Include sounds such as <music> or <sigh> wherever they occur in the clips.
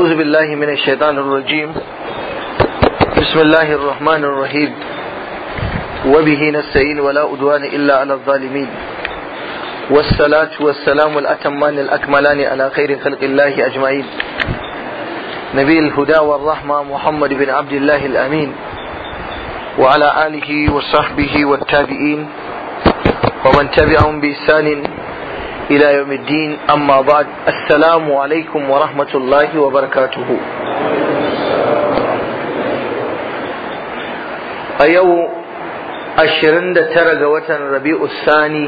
أعوذ بالله من الشيطان الرجيم بسم الله الرحمن الرحيم وبه نستعين ولا أدوان إلا على الظالمين والصلاة والسلام الأتمان الأكملان على خير خلق الله أجمعين نبي الهدى والرحمة محمد بن عبد الله الأمين وعلى آله وصحبه والتابعين ومن تبعهم بإحسان Ilayomidin amma ba a alaikum wa rahmatullahi wa barakatuhu A yau, ashirin da tara ga watan Rabi'us Sani,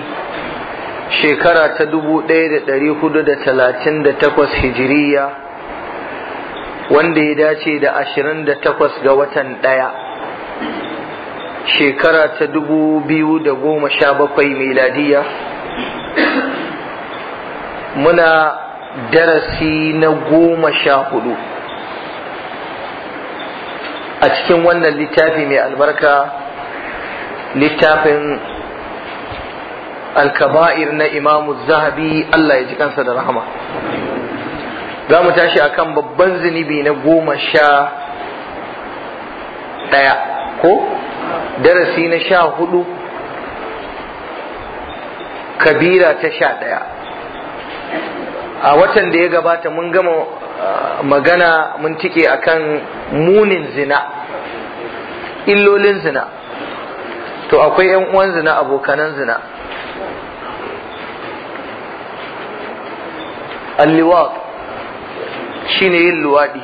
shekara ta dubu ɗaya da ɗari huɗu da talatin da hijiriya, wanda ya dace da ashirin da takwas ga watan ɗaya, shekara ta dubu biyu da goma sha bakwai mai muna darasi na goma sha hudu a cikin wannan littafi mai albarka littafin alkaba'ir na imamu zahabi Allah ya ji kansa da rahama za mu tashi kan babban zunubi na goma sha ɗaya ko darasi na sha hudu kabira ta sha ɗaya a watan da ya gabata mun gama magana mun tike akan munin zina illolin zina to akwai 'yan uwan zina abokanan zina alliwaq shine yin luwaɗi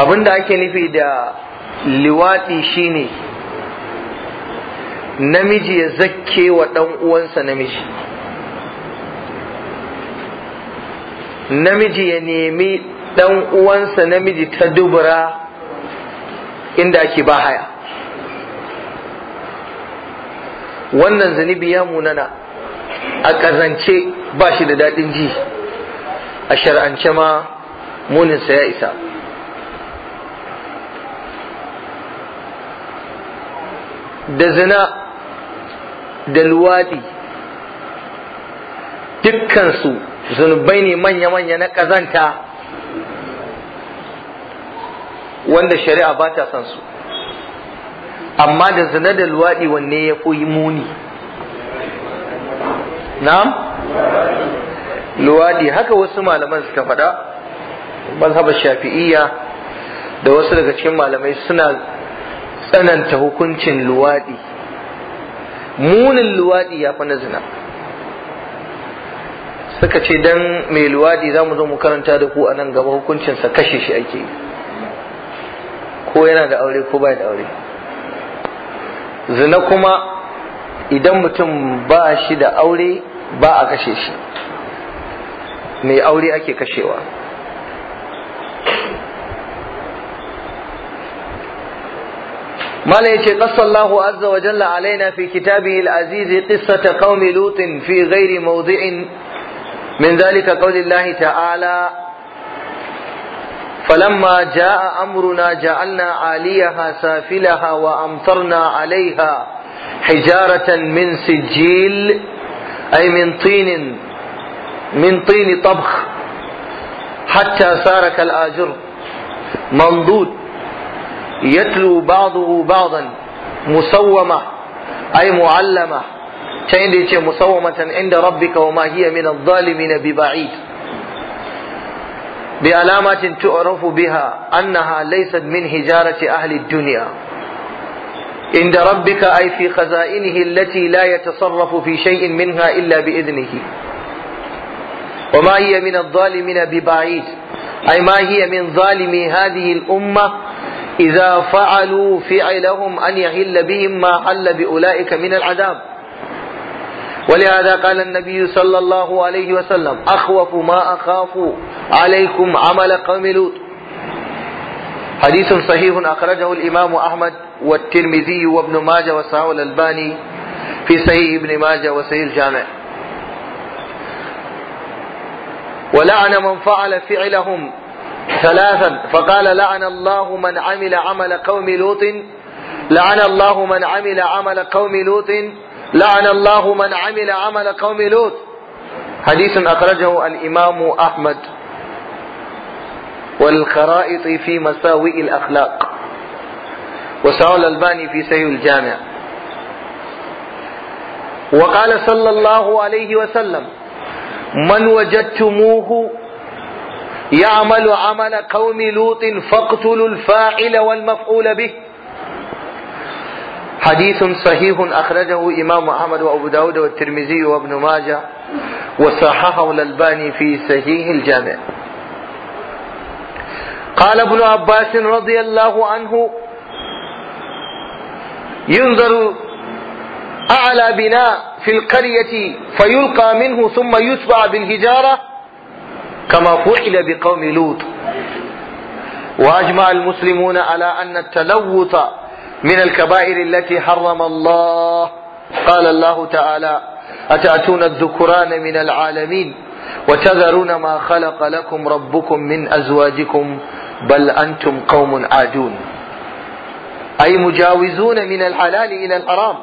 abinda ake nufi da liwaɗi shine namiji ya zakke wa ɗan uwansa namiji namiji ya nemi ɗan uwansa namiji ta dubura inda ake ba haya wannan zunubi ya munana a ƙazance ba shi da daɗin ji a shar'ance ma muninsa ya isa da zina da luwaɗi dukkansu zunubai ne manya-manya na ƙazanta wanda shari'a ba ta san su amma da zina da luwaɗi wanne ya koyi muni na'am luwaɗi haka wasu malaman suka faɗa mazhabar shafi'iyya da wasu daga cikin malamai suna tsananta hukuncin luwaɗi munin luwaɗi ya fi na zina suka ce dan mai luwadi za mu zo mu karanta da ku a nan gaba hukuncinsa kashe shi ake ko yana da aure ko bai da aure zina kuma idan mutum ba shi da aure ba a kashe shi mai aure ake kashewa مالا يشي قص الله عز وجل علينا في كتابه العزيز قصة قوم لوط في غير موضع من ذلك قول الله تعالى فلما جاء امرنا جعلنا عاليها سافلها وامطرنا عليها حجاره من سجيل اي من طين من طين طبخ حتى صار كالاجر منضود يتلو بعضه بعضا مسومه اي معلمه can inda yace musawwamatan inda rabbika wa ma hiya min adh-dhalimin biba'id bi alamatin tu'rafu biha annaha laysat min عند ربك أي في خزائنه التي لا يتصرف في شيء منها إلا بإذنه وما هي من الظالمين ببعيد أي ما هي من ظالمي هذه الأمة إذا فعلوا فعلهم أن يحل بهم ما حل بأولئك من العذاب ولهذا قال النبي صلى الله عليه وسلم أخوف ما أخاف عليكم عمل قوم لوط حديث صحيح أخرجه الإمام أحمد والترمذي وابن ماجه وصححه الألباني في صحيح ابن ماجه وصحيح الجامع ولعن من فعل فعلهم ثلاثا فقال لعن الله من عمل عمل قوم لوط لعن الله من عمل عمل قوم لوط لعن الله من عمل عمل قوم لوط حديث أخرجه الإمام أحمد والخرائط في مساوئ الأخلاق وسأل الألباني في سير الجامع وقال صلى الله عليه وسلم من وجدتموه يعمل عمل قوم لوط فاقتلوا الفاعل والمفعول به حديث صحيح أخرجه إمام أحمد وأبو داود والترمذي وابن ماجه وصححه الألباني في صحيح الجامع قال ابن عباس رضي الله عنه ينظر أعلى بناء في القرية فيلقى منه ثم يتبع بالهجارة كما فعل بقوم لوط وأجمع المسلمون على أن التلوث من الكبائر التي حرم الله قال الله تعالى أتأتون الذكران من العالمين وتذرون ما خلق لكم ربكم من أزواجكم بل أنتم قوم عادون أي مجاوزون من الحلال إلى الحرام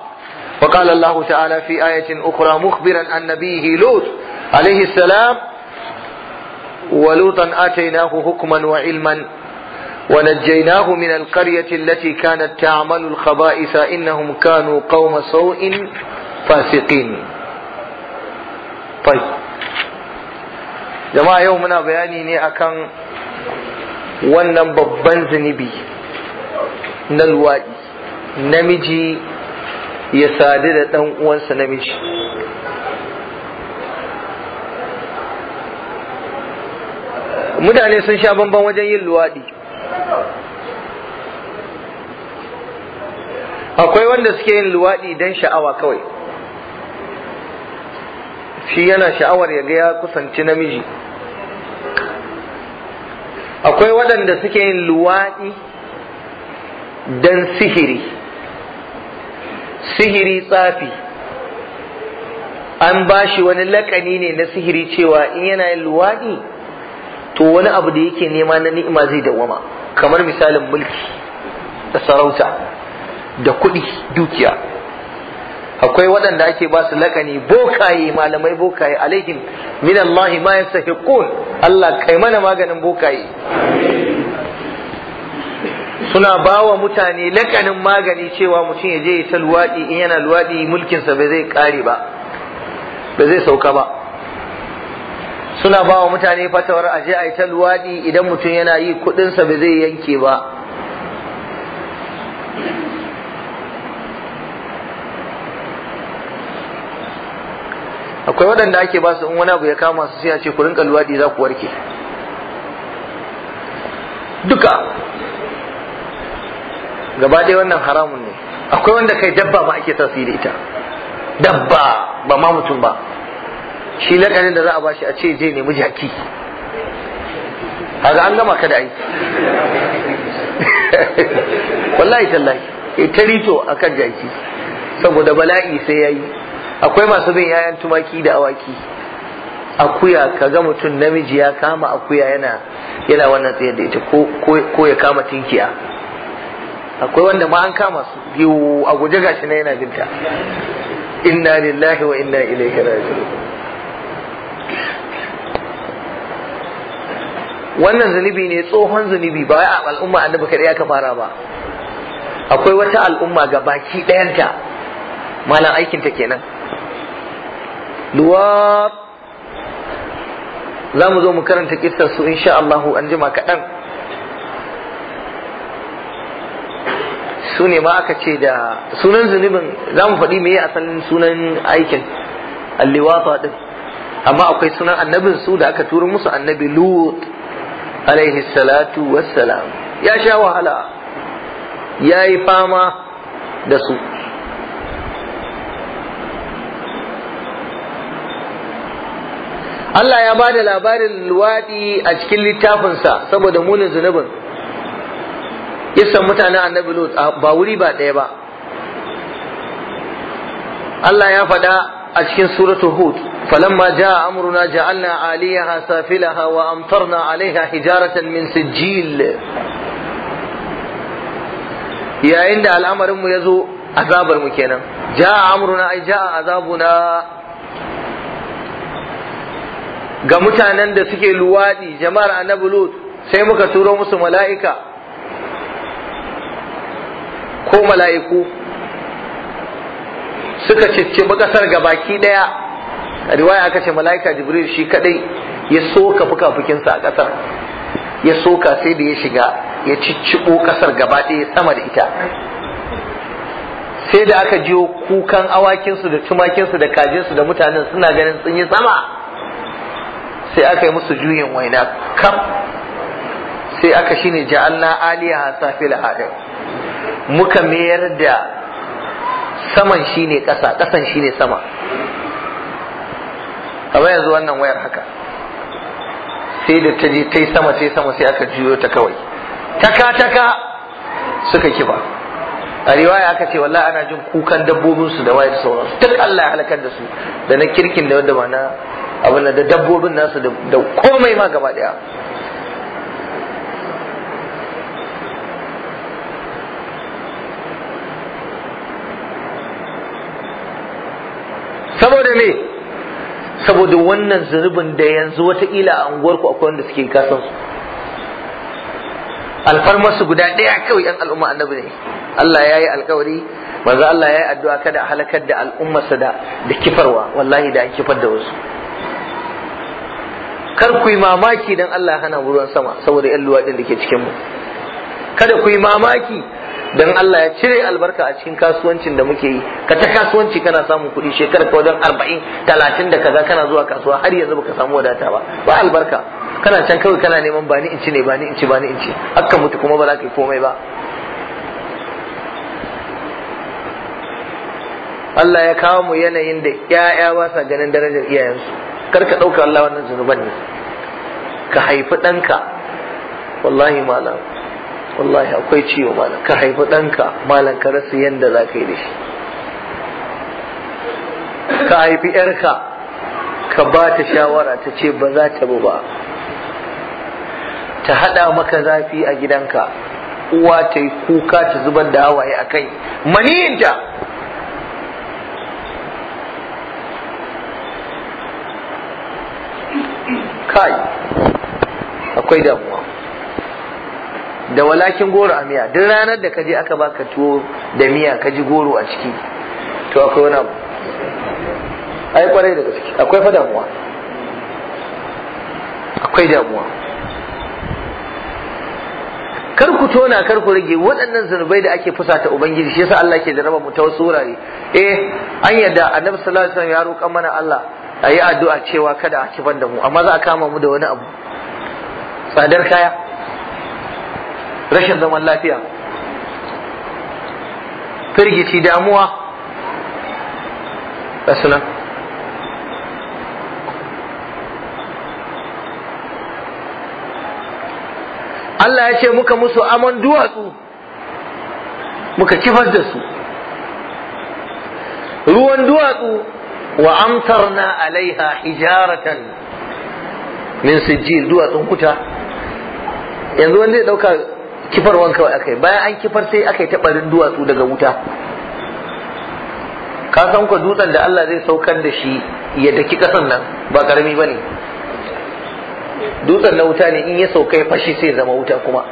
وقال الله تعالى في آية أخرى مخبرا عن نبيه لوط عليه السلام ولوطا آتيناه حكما وعلما ونجيناه من القرية التي كانت تعمل الخبائث إنهم كانوا قوم سوء فاسقين طيب جماعة يومنا بياني ني أكان wannan babban zunubi na luwaɗi namiji ya sadu da ɗan uwansa namiji mutane sun sha bamban wajen yin luwaɗi akwai wanda suke yin luwaɗi don sha'awa kawai shi yana sha'awar ya ga ya kusanci namiji akwai waɗanda suke yin luwaɗi don sihiri sihiri tsafi an ba shi wani lakani ne na sihiri cewa in yana yin luwaɗi to wani abu da yake nema na ni'ima zai dawwama kamar misalin mulki da sarauta da kuɗi dukiya akwai waɗanda ake ba su lakani bokaye malamai bokaye alaihim min Allah ma yastahiqun Allah kai mana maganin bokaye suna ba wa mutane lakanin magani cewa mutum ya je ya ta luwaɗi in yana luwaɗi mulkinsa ba zai ƙare ba ba zai sauka ba suna ba wa mutane fatawar aje a yi ta luwaɗi idan mutum yana yi kuɗinsa ba zai yanke ba akwai waɗanda ake ba su in wani abu ya kama su sai a ce ku rinka luwaɗi za ku warke duka gaba ɗaya wannan haramun ne akwai wanda kai dabba ma ake tasiri ita dabba ba ma mutum ba shi lakanin da za a bashi a ce je nemi jaki haka an gama ka da aiki <laughs> wallahi tallahi e a akan jaki saboda bala'i sai ya yi, akwai masu bin yayan tumaki da awaki akuya kaga mutum namiji ya kama akuya yana yana wannan tsayar da ita ko ya kama tinkiya akwai wanda ma an kama su yiwu a guje gashi na yana binta inna lillahi wa inna ilaihi raji'un wannan zunubi ne tsohon zunubi ba wai al'umma annabi kadai aka fara ba akwai wata al'umma ga baki ɗayanta malam aikinta kenan luwab za mu zo mu karanta kissar su insha Allahu an jima kaɗan su ne ma aka ce da sunan zunubin za mu faɗi meye asalin sunan aikin alliwata din amma akwai sunan annabin su da aka turo musu annabi lut alaihi salatu wassalam ya sha wahala ya yi fama da su Allah ya ba da labarin luwaɗi a cikin littafinsa saboda munin zunubin isan mutanen annabi Lot ba wuri ba ɗaya ba Allah ya faɗa a cikin suratul Hud فلما جاء أمرنا جعلنا عاليها سافلها وأمطرنا عليها حجارة من سجيل يا عند الأمر أم يزو عذاب المكينة جاء أمرنا أي جاء عذابنا ga mutanen da suke luwaɗi jama'ar annabi lut sai muka turo musu mala'ika ko mala'iku suka cicci ƙasar gabaki ɗaya riwaya aka ce mala'ika jibril shi kadai ya soka fukafukinsa a ƙasar ya soka sai da ya shiga ya cicciɓo ƙasar gaba ɗaya sama da ita sai da aka jiyo kukan awakinsu da tumakinsu da kajinsu da mutanen suna ganin sun yi sama sai aka yi musu juyin waina kam sai aka shine ja'alna aliyah safil adam muka mayar da saman shine kasa ƙasan shine sama amma yanzu wannan wayar haka sai da ta je ta yi sama sai sama sai aka juyo ta kawai taka taka suka kiba a riwaya aka ce wallahi ana jin kukan dabbobin su da wayar da su duk Allah ya halaka da su da na kirkin da wanda ba na abin da dabbobin nasu da komai ma gaba daya saboda me saboda wannan zunubin da yanzu wata wataƙila a unguwarku akwai wanda suke kasan su alfarmarsu guda ɗaya kawai yan al'umma annabi ne Allah ya yi alkawari manzo Allah ya yi addu'a kada a halakar da al'ummarsa da da kifarwa wallahi da an kifar da wasu kar ku yi mamaki dan Allah ya hana ruwan sama saboda yan luwaɗin da ke cikin mu kada ku yi mamaki dan Allah ya cire albarka a cikin kasuwancin da muke yi ka ta kasuwanci kana samun kuɗi shekara ka wajen arba'in talatin da kaza kana zuwa kasuwa har yanzu baka samu wadata ba ba albarka kana can kawai kana neman bani in ci ne bani in ci bani in ci akka mutu kuma ba za ka yi komai ba Allah ya kawo mu yanayin da ƴaƴa ba sa ganin darajar iyayensu kar ka ɗauka Allah wannan zunuban ne ka haifi ɗanka wallahi malam wallahi akwai ciwo malam ka haifi ɗanka malam ka rasa yadda za ka yi da shi ka haifi ‘yarka ka ba ta shawara ta ce ba za ta bu ba ta haɗa maka zafi a gidanka uwa ta yi kuka ta zubar da hawaye a kai maniyinta kai akwai damuwa da walakin goro a miya duk ranar da kaje aka baka tuwo da miya kaji goro a ciki to akwai wani abu ai kwarai da gaske akwai fa damuwa akwai damuwa kar ku tona kar ku rage waɗannan zunubai da ake fusata ubangiji shi yasa Allah ke da raba mu ta wasu wurare eh an yadda annabi sallallahu alaihi wasallam ya roƙa mana Allah a yi addu'a cewa kada a kifar da mu amma za a kama mu da wani abu tsadar kaya rashin zaman lafiya firgici damuwa nan Allah ya ce muka musu aman duwatsu muka kifar da su ruwan duwatsu wa amtarna alaiha hijaratan min sijil duwatsun kuta yanzu wanda ya dauka Kifar wanka aka yi bayan an kifar sai aka yi taɓarin duwatsu daga wuta ka san ku dutsen da Allah zai saukar da shi ya daki ƙasan nan ba ƙarami ba ne dutsen na wuta ne in ya saukai fashi sai zama wuta kuma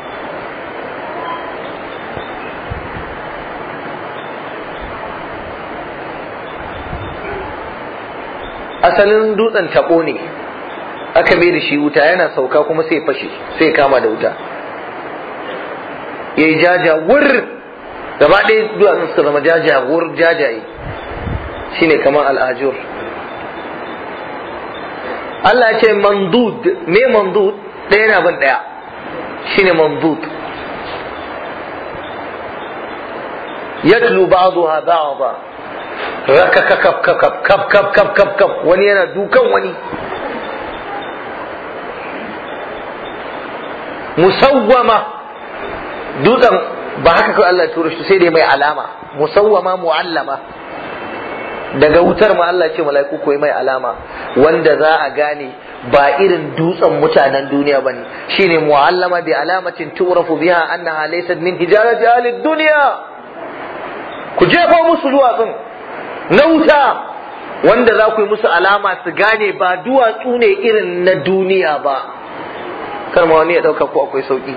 asalin dutsen taɓo ne aka bai da shi wuta yana sauka kuma sai fashi sai kama da wuta ya yi jaja wur gaba ɗaya duwatsun suka zama jaja wur jajaye shine kamar al'ajur Allah ya ce mandud me mandud ɗaya na bin ɗaya shine mandud yatlu ba'daha ba'dha raka kab kab kab kab kab kab kab wani yana dukan wani musawwama dutsen ba haka kawai Allah turo shi sai dai mai alama musawwama mu'allama daga wutar ma Allah ce mala'iku koyi mai alama wanda za a gane ba irin dutsen mutanen duniya ba ne shine mu'allama bi alamatin turafu biha annaha laysat min hijarati ahli dunya ku jefa musu duwatsun na wuta wanda za ku yi musu alama su gane ba duwatsu ne irin na duniya ba kar ma wani ya ɗauka ko akwai sauƙi.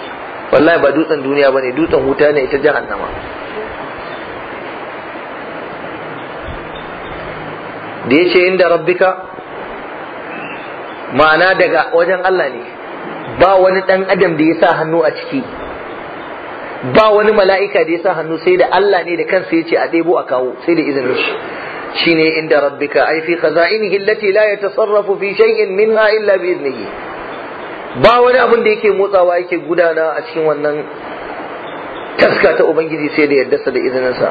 wallahi ba dutsen duniya bane dutsen wuta ne ita jahannama da yace inda rabbika ma'ana daga wajen Allah ne ba wani dan adam da ya sa hannu a ciki ba wani mala'ika da ya sa hannu sai da Allah ne da kansa ya ce a ɗebo a kawo sai da izinin shi shine inda rabbika ai fi khaza'inihi allati la yatasarrafu fi shay'in minha illa bi iznihi ba wani abin da yake motsawa yake gudana a cikin wannan taska ta ubangiji sai da yaddasa da izininsa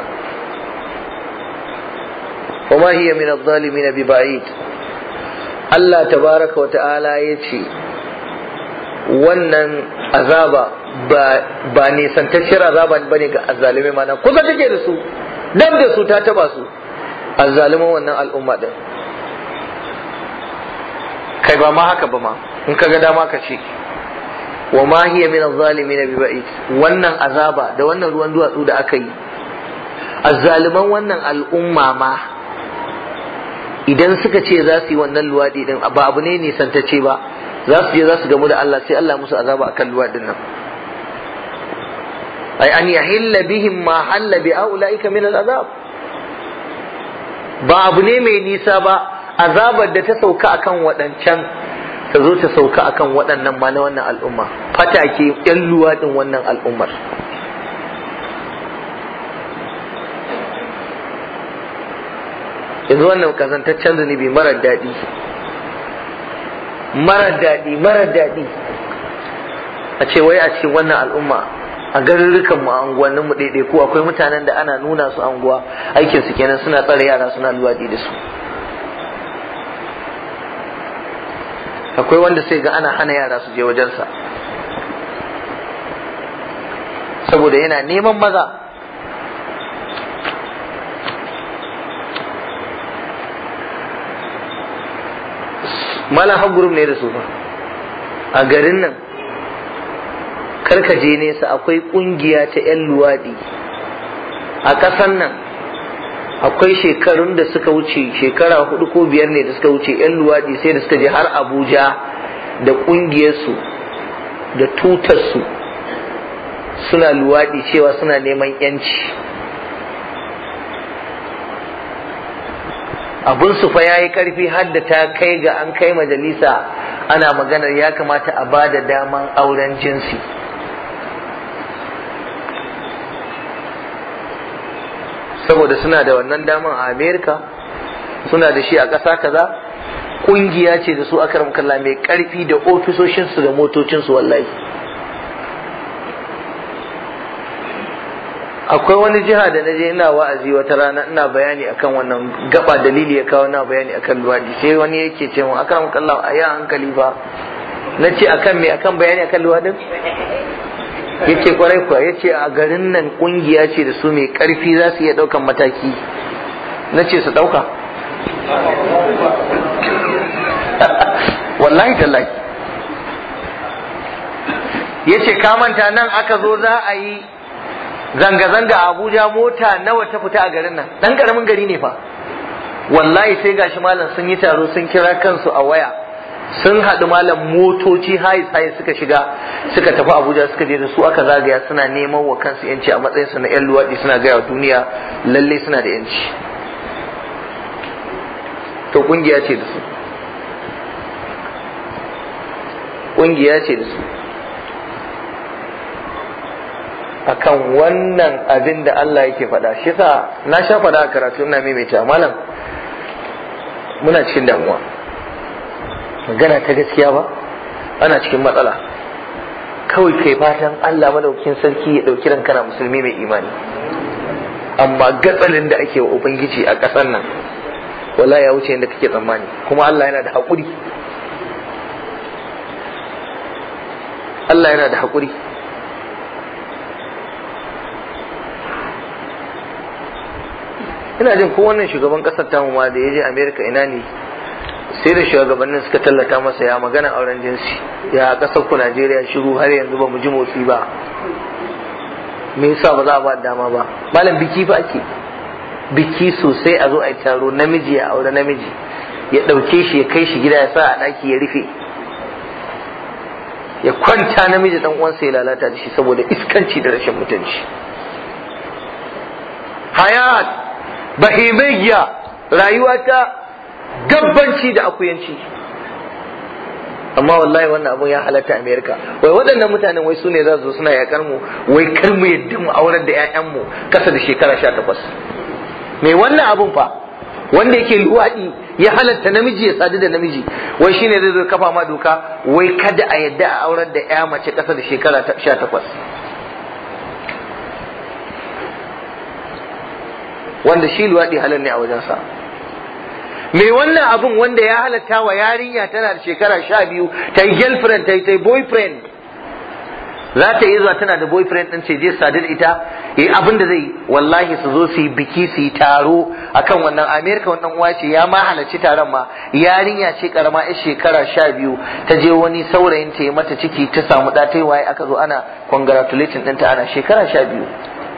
wa ma hiya min adh-dhalimin bi ba'id Allah tabaraka wa ta'ala yace wannan azaba ba ba ne santacciyar azaba bane ga azzalimai mana kusa take da su dan da su ta taba su azzaliman wannan al'umma din kai ba ma haka ba ma in ka ga dama ka ce wa ma hiya min az-zalimin bi ba'id wannan azaba da wannan ruwan duwatsu da aka yi azzaliman wannan al'umma ma idan suka ce za su yi wannan luwaɗi din ba abu ne ce ba za su je za su gamu da Allah sai Allah musu azaba akan luwaɗin nan ay an yahilla bihim ma halla bi aulaika min al-azab ba abu ne mai nisa ba azabar da ta sauka akan waɗancan ta zo ta sauka akan waɗannan ma na wannan al'umma fatake yan luwaɗin wannan al'ummar yanzu wannan kazantaccen zunubi marar daɗi marar daɗi marar daɗi a ce wai a cikin wannan al'umma a garurrukan mu a unguwanninmu mu ɗaiɗaiku akwai mutanen da ana nuna su anguwa aikinsu kenan suna tsare yara suna luwaɗi da su akwai wanda sai ga ana hana yara su je wajensa saboda yana neman maza malam gurum ne da su ba a garin nan karkaje nesa akwai kungiya ta 'yan luwaɗi a ƙasan nan akwai shekarun da suka wuce shekara hudu ko biyar ne da suka wuce yan luwaɗi sai da suka je har abuja da ƙungiyarsu da tutarsu suna luwaɗi cewa suna neman yanci abun su fa yayi karfi har da ta kai ga an kai majalisa ana maganar ya kamata a ba da daman auren jinsi saboda suna da wannan daman a Amerika, suna da shi a ƙasa kaza ƙungiya ce da su akaram kalla mai ƙarfi da ofisoshinsu da motocinsu wallahi akwai wani jiha da naje ina wa'azi wata rana ina bayani akan wannan gaba dalili ya kawo na bayani akan luwadi sai wani yake ce mun kalla a yi hankali ba na ce akan me akan bayani akan luwadin yace kwarai kuwa yace a garin nan kungiya ce da su mai karfi za su iya daukan mataki na ce su dauka wallahi tallahi yace ka manta nan aka zo za a yi zanga-zanga abuja mota nawa ta fita a garin nan dan karamin gari ne fa wallahi sai gashi malam sun yi taro sun kira kansu a waya sun haɗu malam motoci hayi sai suka shiga suka tafi abuja suka je da su aka zagaya suna neman wa kansu yanci a matsayin su na yan luwaɗi suna gaya duniya lalle suna da yanci to kungiya ce da su kungiya ce da su akan wannan abin da Allah yake faɗa shi yasa na sha faɗa a karatu ina maimaita malam muna cikin damuwa magana ta gaskiya ba ana cikin matsala kawai kai fatan Allah madaukin sarki ya dauki ranka na musulmi mai imani amma gatsalin da ake wa ubangiji a ƙasar nan wala ya wuce yadda kake tsammani kuma Allah yana da haƙuri Allah yana da hakuri ina jin ko wannan shugaban kasar tamu ma da ya je Amerika ina ne sai da shugabannin suka tallata masa ya magana auren jinsi ya kasar ku Najeriya shiru har yanzu ba mu ji motsi ba me yasa ba za a ba dama ba malam biki ba ake biki sosai a zo a yi taro namiji ya aure namiji ya ɗauke shi ya kai shi gida ya sa a ɗaki ya rufe ya kwanta namiji dan uwansa ya lalata da shi saboda iskanci da rashin mutunci hayat bahimiyya rayuwa ta gabbanci da akuyanci amma wallahi wannan abun ya halatta amerika wai waɗannan mutanen wai su ne za su suna yakar mu wai kar mu yadda mu aurar da mu kasa da shekara sha takwas me wannan abun fa wanda yake luwaɗi ya halatta namiji ya sadu da namiji wai shine zai zo kafa ma doka wai kada a yadda a aurar da ƴa mace kasa da shekara sha takwas wanda shi luwaɗi halal ne a wajensa mai wannan abun wanda ya halatta wa yarinya tana da shekara sha biyu ta yi girlfriend ta yi ta boyfriend za ta yi zuwa tana da boyfriend ɗin ce je sadu da ita yi abin da zai wallahi su zo su yi biki su yi taro akan wannan amerika wannan uwa ce ya ma halarci taron ma yarinya ce karama ya shekara sha biyu ta je wani saurayin ta yi mata ciki ta samu ɗa yi waye aka zo ana congratulating ɗinta ana shekara sha biyu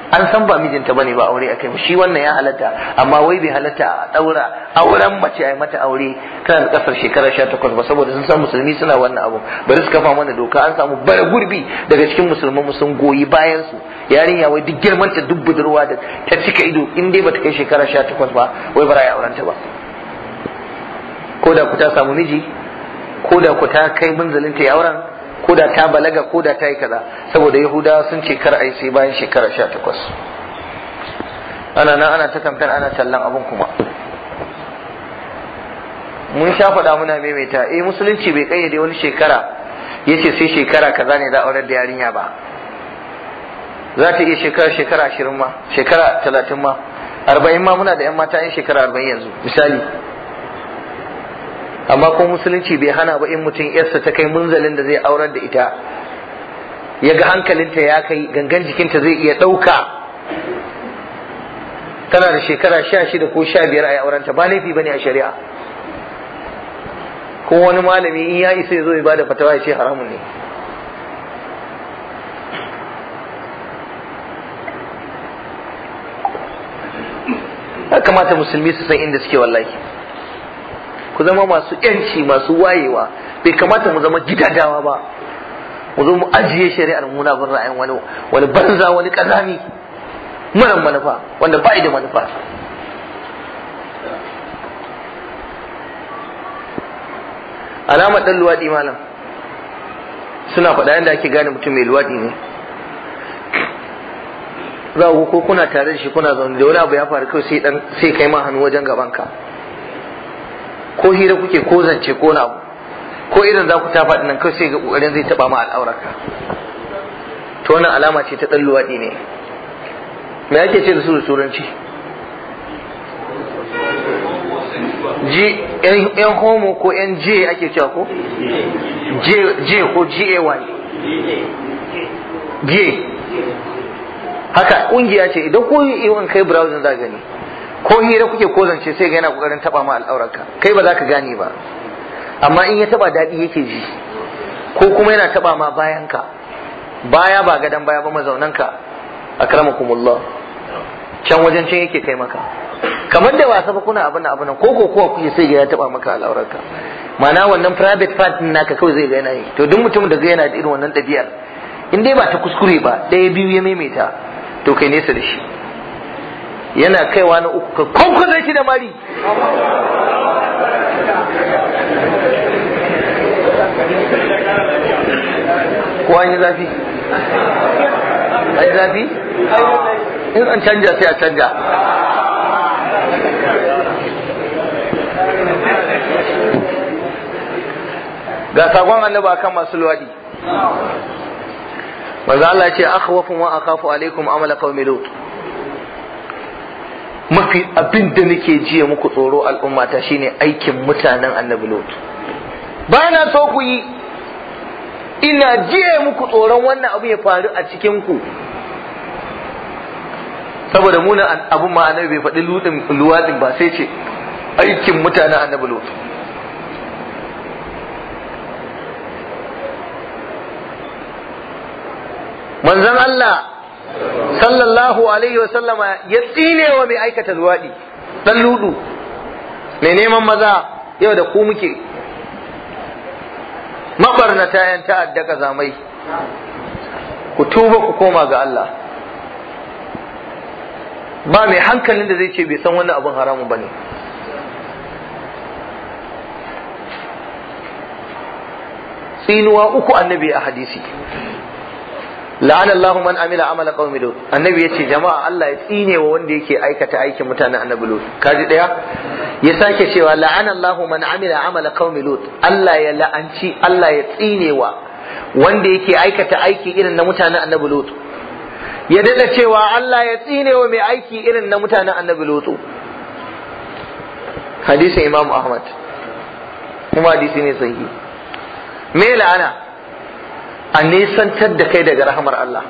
an san ba mijinta bane ba aure akai shi wannan ya halatta amma wai bai halatta a daura auren mace ai mata aure Kana kan kasar shekara 18 ba saboda sun san musulmi suna wannan abu bari su kafa mana doka an samu bara gurbi daga cikin musulman mu sun goyi bayan su yarinya wai duk girman ta duk budurwa da ta cika ido in dai bata kai shekara 18 ba wai bara ya auren ta ba ko da ku ta samu miji ko da ku ta kai munzalin ta ya auren ko da ta balaga ko da ta yi kaza saboda yahudawa sun ce kar a yi sai bayan shekara sha takwas ana nan ana ta kamtar ana tallan abin kuma mun sha faɗa muna maimaita eh musulunci bai kayyade wani shekara yace sai shekara kaza ne za a aurar da yarinya ba za ta iya shekara shekara ashirin ma shekara talatin ma arba'in ma muna da yan mata yan shekara arba'in yanzu misali amma ko musulunci bai hana ba in mutum yarsa ta kai munzalin da zai aurar da ita ya ga hankalinta ya kai gangan jikinta zai iya ɗauka tana da shekara sha shida ko sha biyar a yi aurenta ba laifi ba ne a shari'a ko wani malami in ya isa ya zo ya bada fatawa ya ce haramun ne kamata musulmi su san inda suke wallahi ku zama masu yanci masu wayewa bai kamata mu zama gidadawa ba mu zo mu ajiye shari'ar mu na bin ra'ayin wani wani banza wani kazami maran manufa wanda ba da manufa alamar dan luwaɗi malam suna faɗa yadda ake gane mutum mai luwaɗi ne za ku ko kuna tare da shi kuna zaune da wani abu ya faru kawai sai kai ma hannu wajen gabanka ko hira kuke ko zance ko na abu ko irin za ku ta faɗi nan kawai sai ga ƙoƙarin zai taɓa ma al'auraka to wannan alama ce ta ɗan luwaɗi ne me ake ce da su da turanci yan homo ko yan j ake cewa ko j ko ga j haka ƙungiya ce idan ko yi kai browsing za gani ko hira kuke ko zance sai ga yana kokarin taba ma al'aurarka kai ba za ka gane ba amma in ya taba daɗi yake ji ko kuma yana taba ma bayanka baya ba gadan baya ba mazaunanka akramakumullah can wajen can yake kai maka kamar da wasa ba kuna abin abin ko ko kowa kuke sai ya taba maka al'aurarka mana wannan private part din naka kawai zai ga yana yi to duk mutum da zai yana da irin wannan ɗabi'ar in dai ba ta kuskure ba daya biyu ya maimaita to kai nesa da shi yana kaiwa na uku ka kwanka zai da mari ko an yi zafi an yi zafi in an canja sai a canja ga sakon annaba kan masu luwaɗi manzo Allah ya ce akhwafu wa akhafu alaikum amala qaumi lut mafi abin da nake jiya muku tsoro al'ummata shine aikin mutanen annabi lot ba so ku yi ina jiya muku tsoron wannan abu ya faru a cikin ku saboda muna abun ma annabi bai faɗi luwatin ba sai ce aikin mutanen annabi lot manzon Allah sallallahu alaihi wasallama ya tsine wa mai aikata zuwaɗi. ɗan ludu mai neman maza yau da ku muke mabarnata yan ta'adda kazamai ku tuba ku koma ga Allah ba mai hankalin da zai ce bai san wani abin haramun ba ne. tsinuwa uku annabi a hadisi la'ana Allahu man amila amala qaumi lut annabi yace jama'a Allah ya tsine wa wanda yake aikata aikin mutanen annabi lut kaji daya ya sake cewa la'ana Allahu man amila amala qaumi lut Allah ya la'anci Allah ya tsine wa wanda yake aikata aiki irin na mutanen annabi lut ya dada cewa Allah ya tsine wa mai aiki irin na mutanen annabi lut hadisin Imam Ahmad kuma hadisi ne sahihi me la'ana a nesantar da kai daga rahamar Allah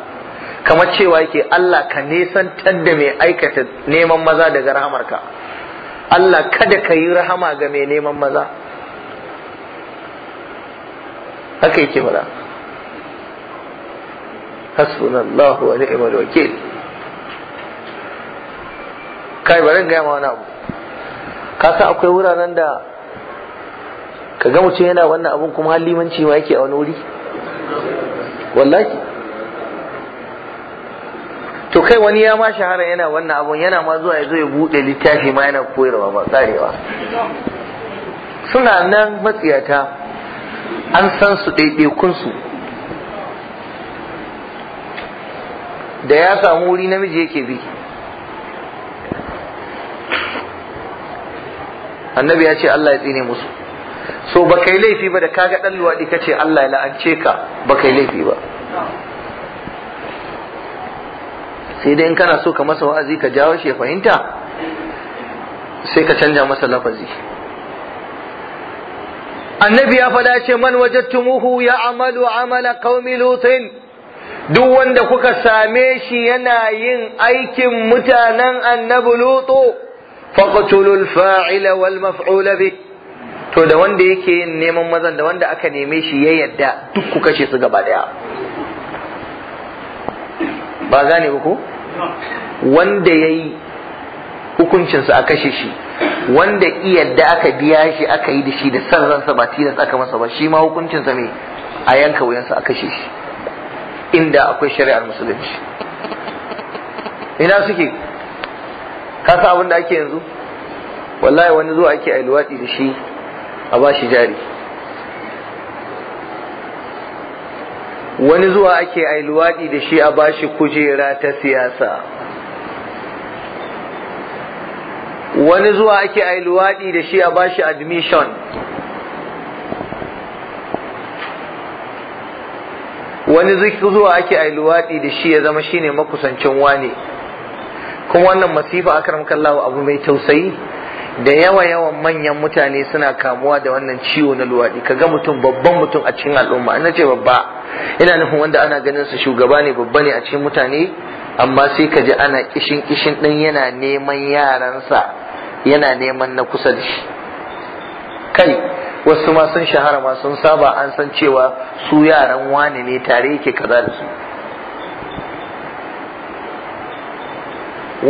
kamar cewa yake Allah ka nesantar da mai aikata neman maza daga rahamarka Allah kada ka yi rahama ga mai neman maza haka yake mala hasbunallahu wa ni'mal wakil kai bari ga ma wani abu ka san akwai wuraren da ka ga mutum yana wannan abun kuma halimanci ma yake a wani wuri wallahi to kai wani ya ma shahara yana wannan abun yana ma zuwa ya zo ya buɗe littafi ma yana koyarwa ba tsarewa suna nan matsiyata an san su ɗaiɗaikunsu da ya samu wuri namiji yake bi annabi ya ce Allah ya tsine musu so ba kai laifi ba da kaga dan luwaɗi kace Allah ya la'ance ka ba kai laifi ba sai dai in kana so ka masa wa'azi ka jawo shi ya fahimta sai ka canja masa lafazi annabi ya faɗa ce man wajadtumuhu ya amalu amala qaumi lutin duk wanda kuka same shi yana yin aikin mutanen annabi lutu faqtulul fa'ila wal maf'ula to da wanda yake yin neman mazan da wanda aka neme shi ya yadda duk ku kashe su gaba daya ba gane ku wanda ya yi hukuncinsa a kashe shi wanda iyadda aka biya shi aka yi da shi da san ransa ba tilas aka masa ba shi ma hukuncinsa me a yanka wuyansa a kashe shi inda akwai shari'ar musulunci ina suke kasa abin da ake yanzu wallahi wani zuwa ake a luwaɗi da shi a ba shi jari wani zuwa ake yi luwaɗi da shi a ba shi kujera ta siyasa wani zuwa ake yi luwaɗi da shi a ba shi admission wani zuwa ake yi luwaɗi da shi ya zama shine makusancin wane kuma wannan masifa akram kallahu abu mai tausayi da yawa yawan manyan mutane suna kamuwa da wannan ciwo na luwaɗi kaga mutum babban mutum a cikin al'umma ina ce babba ina nufin wanda ana ganin su shugaba ne babba ne a cikin mutane amma sai ka ana kishin kishin ɗin yana neman yaransa yana neman na kusa da shi kai wasu ma sun shahara ma sun saba an san cewa su yaran wane ne tare yake kaza da su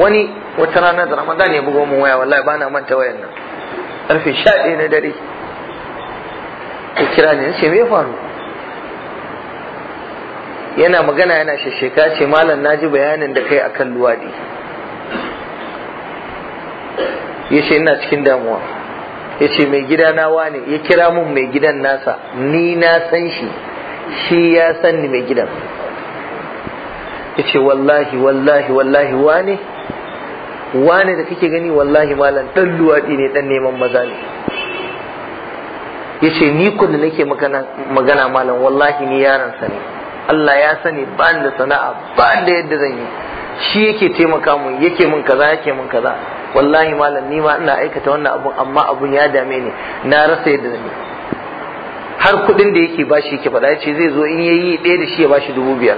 wani wata rana da ramadan ya bugo mun waya wallahi bana manta wayan nan karfe 11 na dare ya kira ni ce me faru yana magana yana shesheka ce malam naji bayanin da kai akan luwadi ya ce ina cikin damuwa ya ce mai gida na wane ya kira mun mai gidan nasa ni na san shi shi ya san ni mai gidan ya ce wallahi wallahi wallahi wane wane da kake gani wallahi malam dan luwadi ne dan neman maza ne yace ni kun da nake magana malam wallahi ni yaran sa ne Allah ya sani ba da sana'a ba da yadda zan yi shi yake taimaka mun yake mun kaza yake mun kaza wallahi malam ni ma ina aikata wannan abun amma abun ya dame ni na rasa yadda zan yi har kudin da yake bashi yake faɗa yace zai zo in yayi ɗaya da shi ya bashi dubu biyar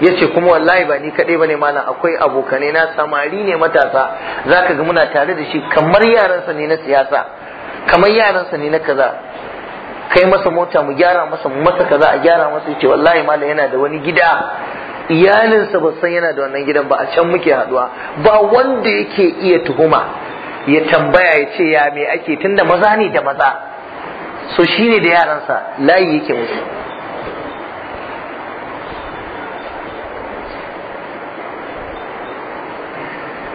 ya ce kuma wallahi ba ni kadai bane malam akwai abokanai na samari ne matasa zaka ga muna tare da shi kamar yaransa ne na siyasa kamar yaransa ne na kaza kai masa mota mu gyara masa mu masa kaza a gyara masa yace wallahi malam yana da wani gida iyalinsa ba san yana da wannan gidan ba a can muke haduwa ba wanda yake iya tuhuma ya tambaya ya ce ya me ake tunda maza ne da maza so shine da yaransa layi yake musu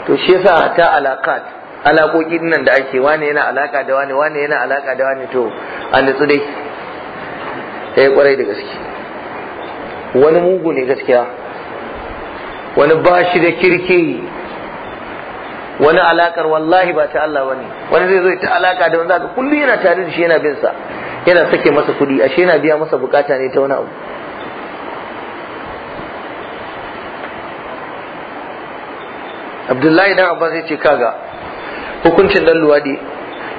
to shi yasa ta alaƙat alaƙoƙin nan da ake wane yana alaƙa da wane wane yana alaƙa da wane to an nutsu dai yi eh, kwarai da gaske wani mugu ne gaskiya wani ba shi da kirki wani alakar wallahi ba ta Allah wani wani zai zo ta alaka da wanda kullum yana tare da shi yana bin sa yana sake masa kuɗi ashe yana biya masa bukata ne ta wani abu abdullahi dan abbas ya ce kaga hukuncin dan luwadi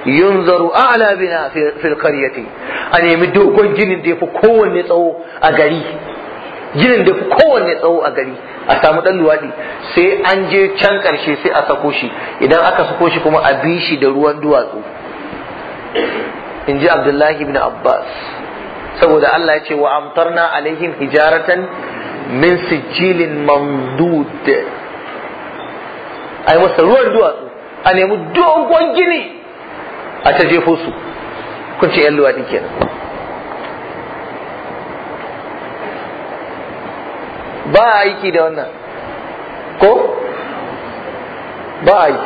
yunzaru a'la bina fil qaryati a nemi dogon ginin da yafi kowanne tsawo a gari ginin da yafi kowanne tsawo a gari a samu dan luwadi sai an je can karshe sai a sako shi idan aka sako shi kuma a bi shi da ruwan duwatsu Inji abdullahi ibn abbas saboda Allah ya ce wa amtarna alaihim hijaratan min sijilin mamdud a yi masa ruwan duwatsu a nemi dogon gini a ta jefo su kun ce yan luwaɗi kenan ba a aiki da wannan ko ba a yi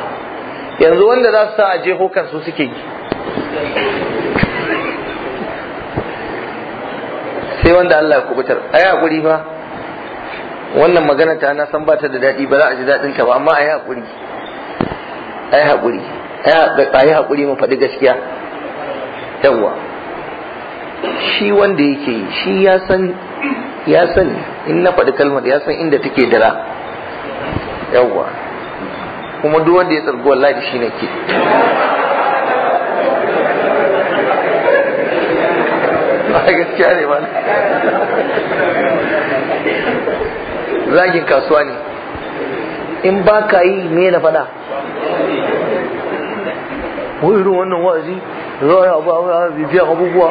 yanzu wanda za su sa a jefo kansu suke yi sai wanda Allah ya kubutar a yi ba wannan magana ta na san bata da daɗi ba za a ji daɗin ta ba amma a yi haƙuri a yi haƙuri a yi haƙuri mu faɗi gaskiya yawwa shi wanda yake yi shi ya san ya san in na faɗi kalmar ya san inda take dara yawwa kuma duk wanda ya tsargo wallahi shi ne ke ba gaskiya ne ba zagin kasuwa ne in ba ka yi me na faɗa wai irin wannan wazi za a abu a bibiya abubuwa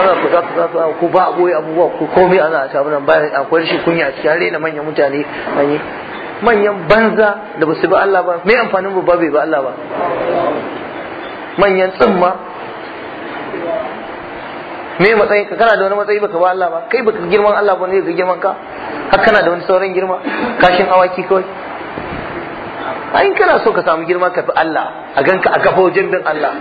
ana fita fita fita ko ba a goyi abubuwa ko komai ana ta nan a akwai rashin kunya a cikin rena manyan mutane an manyan banza da ba su ba Allah ba me amfanin babba bai ba Allah ba manyan tsimma me matsayin ka kana da wani matsayi baka ba Allah ba kai baka girman Allah ba ne ga girman ka har kana da wani sauran girma kashin awaki kawai ai kana so ka samu girma ka fi Allah a ganka a wajen bin Allah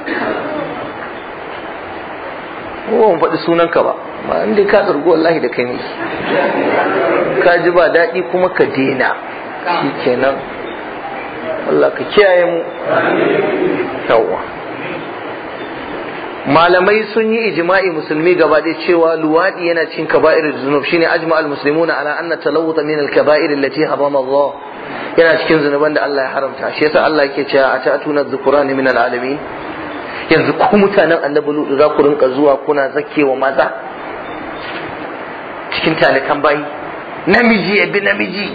ko ban faɗi sunan ka ba ba inda ka tsargu wallahi da kai ne ka ji ba daɗi kuma ka dena shikenan Allah ka kiyaye mu yawwa malamai sun yi ijma'i musulmi gaba da cewa luwadi yana cin kaba'ir zunub shine ajma al muslimuna ala anna talawuta min al kaba'ir allati harama Allah yana cikin zunuban da Allah ya haramta shi yasa Allah yake cewa atatuna dhukurani min al alamin yanzu ku mutanen annabi lutu za ku rinka zuwa kuna zakewa maza cikin talikan bayi namiji ya bi namiji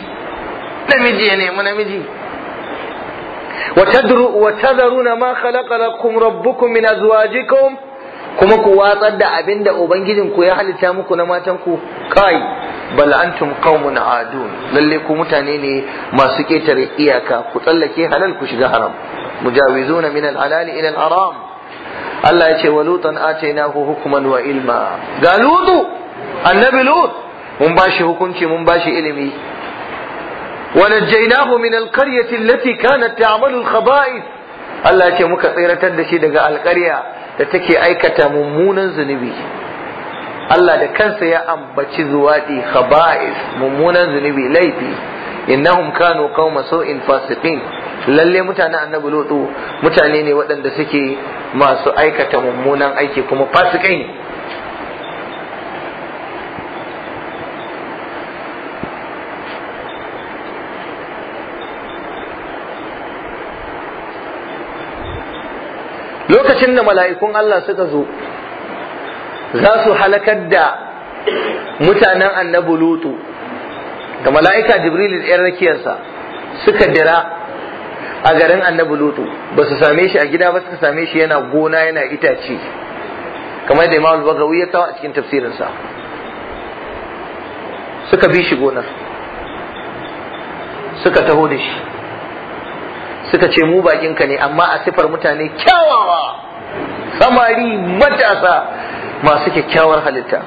namiji ya nemi namiji وتذرون ما خلق لكم ربكم من أزواجكم kuma ku watsar da abinda da Ubangijinku ya halitta muku na matanku kai bal antum qaumun adun lalle ku mutane ne masu ketare iyaka ku tsallake halal ku shiga haram mujawizuna min al halal ila idan haram Allah ya ce wa lutan atainahu hukman wa ilma ga lutu annabi lut mun bashi hukunci mun bashi ilimi ونجيناه من القرية التي كانت تعمل الخبائث Allah ya ce muka tseratar da shi daga alƙarya da take aikata mummunan zunubi Allah da kansa ya ambaci zuwaɗi khaba'is mummunan zunubi laifi innahum kanu qauma sau'in fasiqin lalle mutanen annabi lutu mutane ne waɗanda suke masu aikata mummunan aiki kuma fasikai lokacin da mala'ikun Allah suka zo za su halakar da mutanen annabu lutu da mala'ika jibril ɗan rakiyarsa suka dira a garin annabi lutu ba su same shi a gida ba suka same shi yana gona yana itace kamar da imamu bagawi ya kawo a cikin tafsirinsa suka bi shi gonar suka taho da shi suka ce mu ka ne amma a sifar mutane kyawawa samari matasa masu kyakkyawar halitta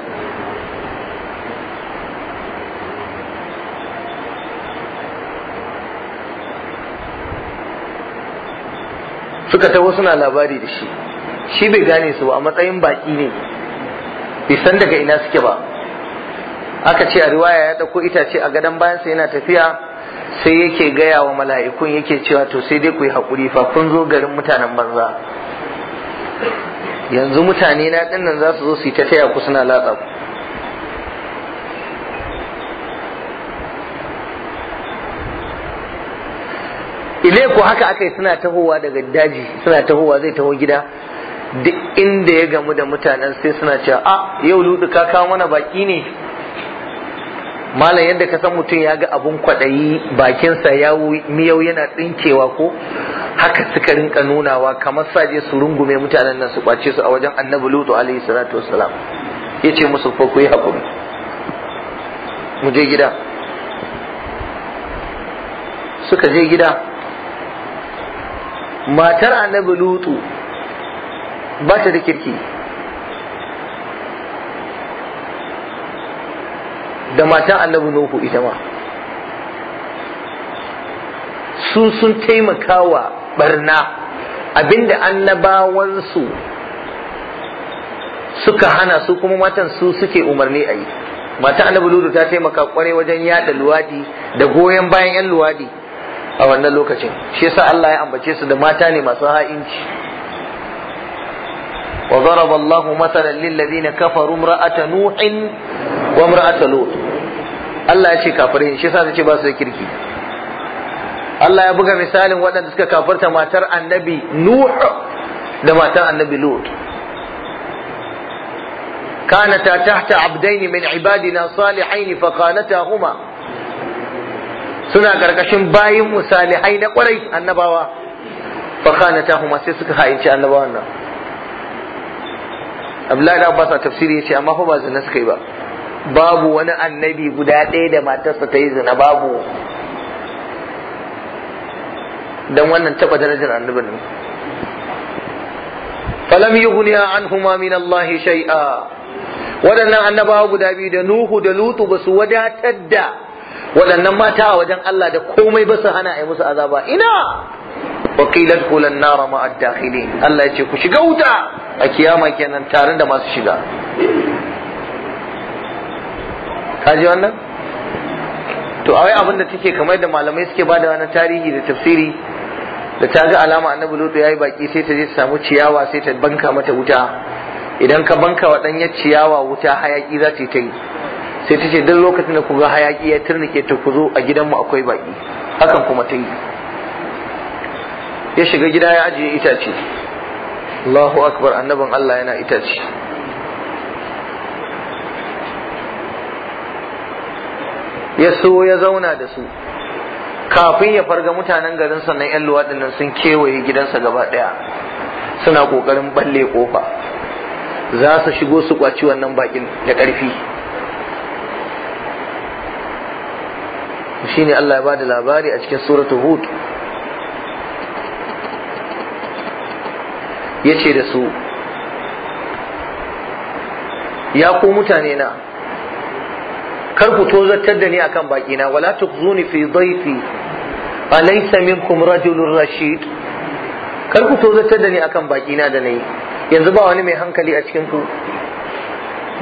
suka taho suna labari da shi shi bai gane su a matsayin baki ne bai daga ina suke ba aka ce a riwaya ya ɗauko itace a gadon bayansa yana tafiya sai yake gaya wa mala'ikun yake cewa to sai dai ku yi haƙuri fa kun zo garin mutanen banza yanzu mutane na dinnan za su zo su yi ta ku suna latsa ku ile ku haka aka yi suna tahowa daga daji suna tahowa zai taho gida duk inda ya gamu da mutanen sai suna cewa a ah, yau lutu ka kawo mana baki ne malam yadda ka san mutum ya ga abun kwaɗayi bakinsa ya miyau yana ɗinkewa ko haka suka rinka nunawa kamar saje su rungume mutanen nan su kwace su a wajen annabi lutu alaihi salatu wassalam ya ce musu ko ku yi hakuri mu je gida suka je gida matar annabi lutu ba ta da kirki da matan annabi nuhu ita ma su sun taimakawa barna abinda annabawansu suka hana su kuma matan su suke umarni a yi mata annabi nuhu ta taimaka kwarai wajen yada luwadi da goyon bayan yan luwadi a wannan lokacin shi yasa Allah ya ambace su da mata ne masu ha'inci وضرب الله مثلا للذين كفروا امرأة نوح وامرأة لوط Allah ya ce kafirai shi yasa ce ba su da kirki Allah ya buga misalin waɗanda suka kafarta matar annabi Nuh da matar annabi Lut kanata tahta abdaini min ibadina salihaini fa huma suna karkashin bayin mu salihai na kwarai annabawa fa huma sai suka haici annabawan nan Abdullahi da Abbas a tafsiri yace amma fa ba zina suka yi ba babu wani annabi guda ɗaya da matarsa ta yi zina babu dan wannan taba darajar annabi ne falam yughniya anhuma min Allah shai'a, waɗannan annabawa guda biyu da Nuhu da Lutu ba su wadatar da waɗannan mata a wajen Allah da komai ba su hana a yi musu azaba ina wa qila adkhulan nar ma ad Allah ya ce ku shiga wuta a kiyama kenan tare da masu shiga kaji wannan to awai abinda take kamar da malamai suke bada wani tarihi da tafsiri da ta ga alama annabi lutu yayi baki sai ta je ta samu ciyawa sai ta banka mata wuta idan ka banka wa danyar ciyawa wuta hayaki za ta yi ta sai ta ce duk lokacin da ku ga hayaki ya turnike ta ku zo a mu akwai baki hakan kuma ta ya shiga gida ya ajiye itace Allahu akbar annabin Allah yana itace ya so ya zauna da su kafin ya farga mutanen garin sannan 'yan luwaɗin nan sun kewaye gidansa gaba ɗaya suna ƙoƙarin balle ƙofa za su shigo su kwaci wannan bakin da ƙarfi shine Allah ya ba da labari a cikin suratul hud ya ce da su ya ku mutane na kar ku tozartar da ni akan bakina wala tukzuni fi dhayfi alaysa minkum rajulun rashid kar ku tozartar da ni akan bakina da nayi yanzu ba wani mai hankali a cikin ku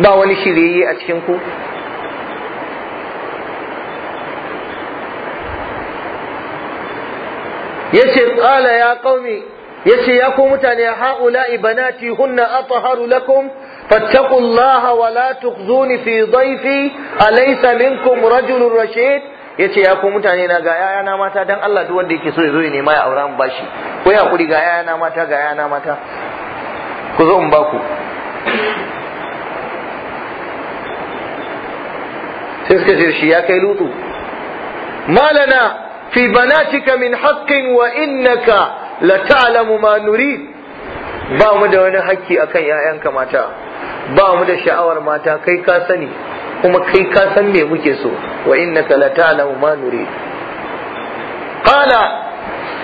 ba wani shiriyyi a cikin ku yace qala ya qaumi Ya ce ya ku mutane ha'ula banati hunna atharu lakum fattaqullaha wa la tukhzuni fi dhayfi alaysa minkum rajulun rashid Ya ce ya ku mutane na ga yayana mata dan Allah duk wanda yake so ya zo ya nema ya aura mu bashi ko ya kuri ga yayana mata ga yayana mata ku zo in baku sai suka ce shi ya kai lutu malana fi banatika min haqqin wa innaka la ta'lamu ma nurid ba mu da wani hakki akan ƴaƴanka mata ba mu da sha'awar mata kai ka sani kuma kai ka san me muke so wa innaka la ta'lamu ma nurid qala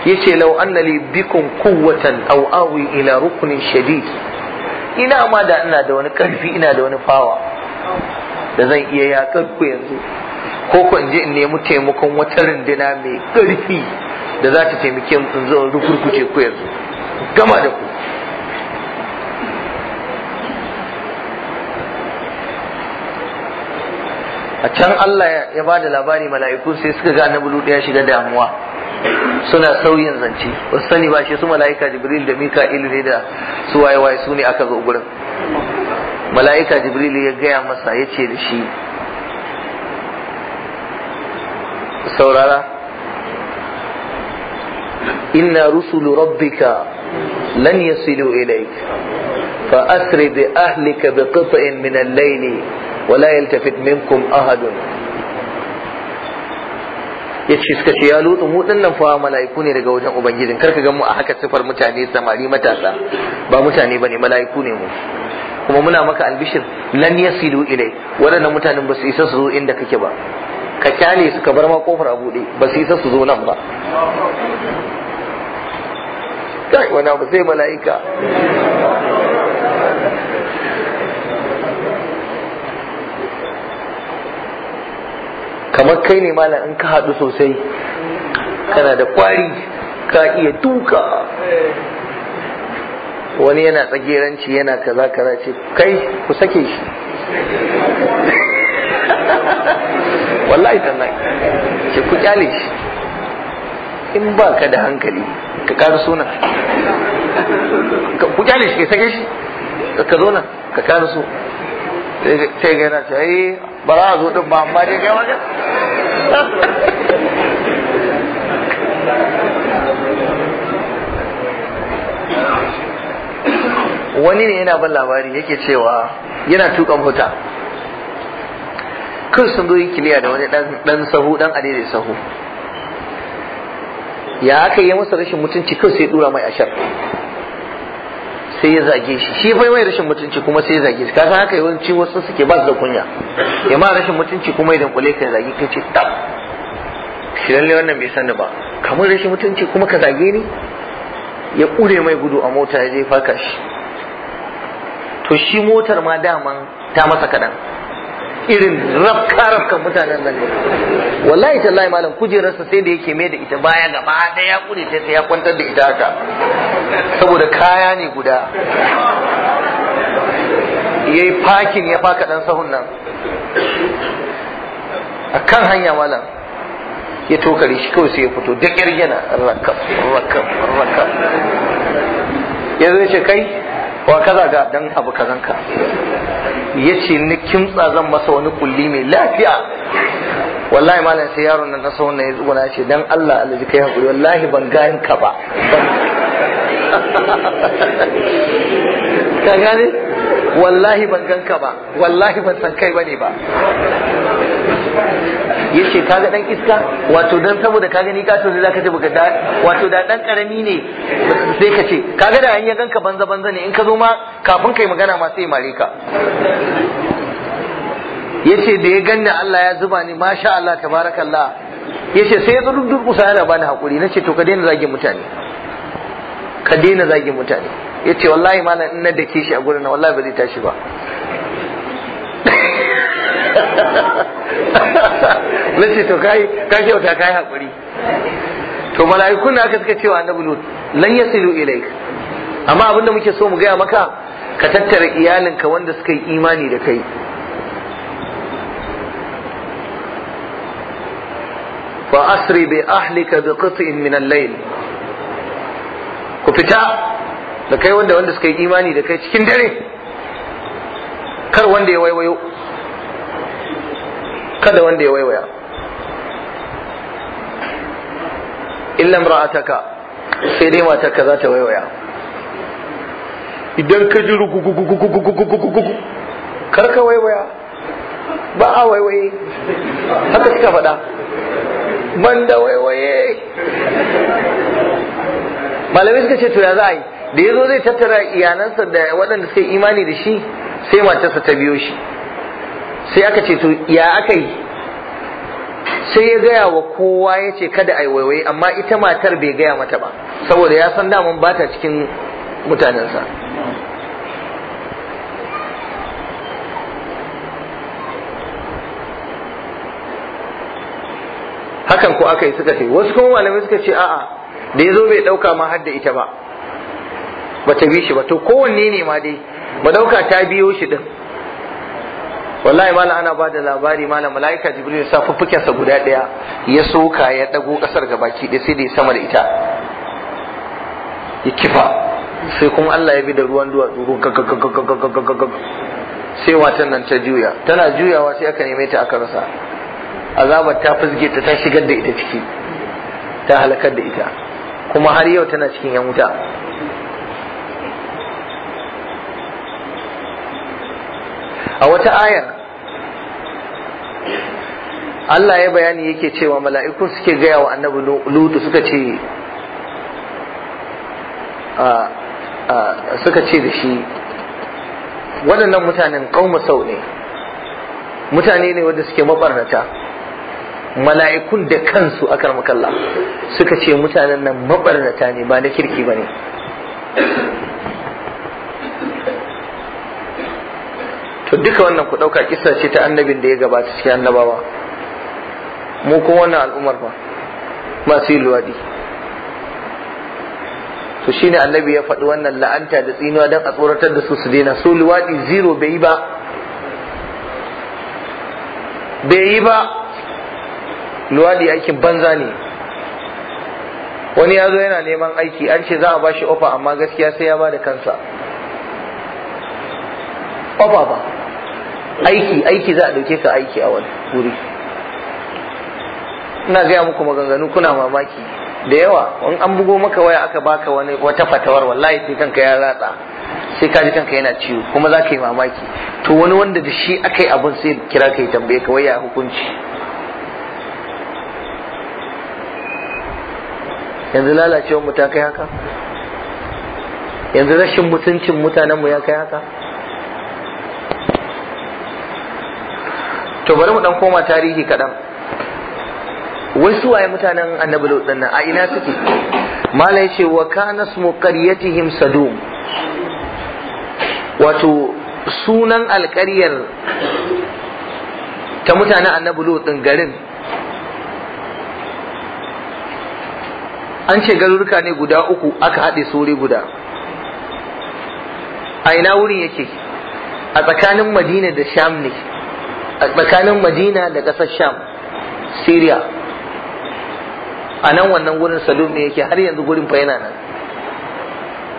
yace law anna li bikum quwwatan aw awi ila ruknin shadid ina ma da ina da wani karfi ina da wani fawa da zan iya yakar ku yanzu ko ko in je in nemi taimakon wata rindina mai karfi da za ta taimake mu in zo rukurkuce ku yanzu gama da ku a can Allah ya ba da labari mala'iku sai suka ga annabi ya shiga damuwa suna sauyin zance wasu sani ba shi su mala'ika Jibril da Mika'ilu ne da su waye waye su ne aka zo gurin mala'ika Jibril ya gaya masa ya ce da shi saurara إن رسل ربك لن يصلوا إليك فأسر بأهلك بقطع من الليل ولا يلتفت منكم أحد yace suka ce ya lutu mu dinnan fa mala'iku ne daga wajen ubangijin karka ga mu a haka sifar mutane samari matasa ba mutane bane mala'iku ne mu kuma muna maka albishir lan yasilu ilai wadannan mutanen ba su isa su zo inda kake ba ka kyale su ka bar ma kofar a buɗe ba su isa su zo nan ba kai wani abu sai mala'ika kamar kai ne malam in ka haɗu sosai kana da kwari ka iya duka wani yana tsageranci yana kaza kaza ce kai ku sake shi <laughs> wallahi tallahi ce ku kyale shi in ba ka da hankali ka kare suna ku kyale shi ka sake shi ka zo nan ka kare su. sai ga yana ce ai eh, ba za a zo din ba amma dai kai wajen <laughs> wani ne yana ban labari yake cewa yana tuka mota kan sun zo yin kiliya da wani dan sahu dan adai sahu ya aka yi masa rashin mutunci kawai sai dura mai ashar sai ya zage shi shi fa mai rashin mutunci kuma sai ya zage shi kasan haka yawanci wasu suke ba su da kunya ya ma rashin mutunci kuma idan kule ka zage ka ce tab shi lalle wannan bai sani ba kamar rashin mutunci kuma ka zage ni ya kure mai gudu a mota ya je faka shi to shi motar ma daman ta masa kaɗan irin rafka-rafka mutanen nan ne wallahi tallahi malam kujerarsa sai da yake mai da ita baya gaba da ya kure ta sai ya kwantar da ita haka saboda kaya ne guda ya yi fakin ya faka ɗan sahun nan a kan hanya malam ya tokare shi kawai sai ya fito da ƙyar yana rakam rakam rakam ya zai ce kai wa kaza ga dan abu kazanka ya ce ni kimtsa zan masa wani kulli mai lafiya wallahi malam sai yaron nan na sauna ya zuwa na ce dan Allah alaji kai hakuri wallahi ban gayan ka ba <laughs> ka gane wallahi ban ganka ba wallahi ban san kai bane ba yace kaga dan iska wato dan saboda ka gani ka tuni zaka ce baka wato da dan karami ne sai ka ce kaga da an ya ganka banza banza ne in ka zo ma kafin kai magana ma sai mare ka yace da ya ganni Allah ya zuba ni masha Allah tabarakallah yace sai ya zo durkusa yana bani hakuri nace to ka daina zage mutane ka daina zage mutane yace wallahi malam in na dake shi a gurin na wallahi ba zai tashi ba <laughs> na ce to kai ka kyauta kai hakuri to na aka suka cewa annabi lut lan yasilu ilaik amma abinda muke so mu gaya maka ka tattara iyalinka wanda suka yi imani da kai fa asri bi ahlika bi qit'in min al-layl ku fita da kai wanda wanda suka yi imani da kai cikin dare kar wanda ya waiwayo kada wanda ya waiwaya illan ra'ataka sai dai matarka za ta waiwaya idan ka ji karka waiwaya ba a waiwaye haka suka faɗa ban banda waiwaye malamai suka ce tura za a yi da ya zo zai tattara iyalansa da waɗanda suka imani da shi sai matarsa ta biyo shi sai aka ce to ya aka yi sai ya gaya wa kowa ya ce kada a yi waiwaye amma ita matar bai gaya mata ba saboda ya san daman ba ta cikin mutanensa hakan ko aka yi suka ce wasu kuma malamai suka ce a'a da ya zo bai dauka ma har da ita ba ba ta bi shi ba to kowanne ne ma dai ba ɗauka ta biyo shi din wallahi malam ana ba da labari malam mala'ika jibril sa fuffukensa guda ɗaya ya soka ya ɗago ƙasar gabaki ɗaya sai da ya sama da ita ya kifa sai kuma Allah ya bi da ruwan duwatsu sai watan nan ta juya tana juyawa sai aka neme ta aka rasa azabar ta fizge ta ta shigar da ita ciki ta halakar da ita kuma har yau tana cikin yan wuta a wata ayar Allah ya bayani yake cewa mala'iku suke gaya wa annabi lutu suka ce suka ce da shi waɗannan mutanen ƙauma sau ne mutane ne wadda suke mabarnata mala'ikun da kansu a karmakalla suka ce mutanen nan mabarnata ne ba na kirki ba ne to duka wannan ku ɗauka kisa ce ta annabin da ya gabata cikin annabawa mu kuma wannan al'ummar ba masu yin luwaɗi to shine annabi ya faɗi wannan la'anta da tsinuwa don a tsoratar da su su daina Su luwaɗi zero bai yi ba bai ba luwaɗi aikin banza ne wani ya zo yana neman aiki an ce za a bashi ofa amma gaskiya sai ya ba da kansa ofa ba aiki aiki za a dauke ka aiki a wani wuri ina gaya muku maganganu kuna mamaki da yawa in an bugo maka waya aka baka wani wata fatawar wallahi sai kanka ya ratsa sai ka ji kanka yana ciwo kuma za ka yi mamaki to wani wanda da shi aka yi abin sai kira ka yi tambaye ka waya hukunci yanzu lalacewar mu ta kai haka yanzu rashin mutuncin mutanenmu ya kai haka to bari mu dan koma tarihi kaɗan wai su waye mutanen annabi lut a ina suke malai ce wa kana smu qaryatihim sadum wato sunan alƙaryar ta mutanen annabi lut din garin an ce garuruka ne guda uku aka haɗe sore guda a ina wurin yake a tsakanin madina da sham ne a tsakanin madina da ƙasar sham syria a nan wannan wurin salum ne yake har yanzu gurin fa yana nan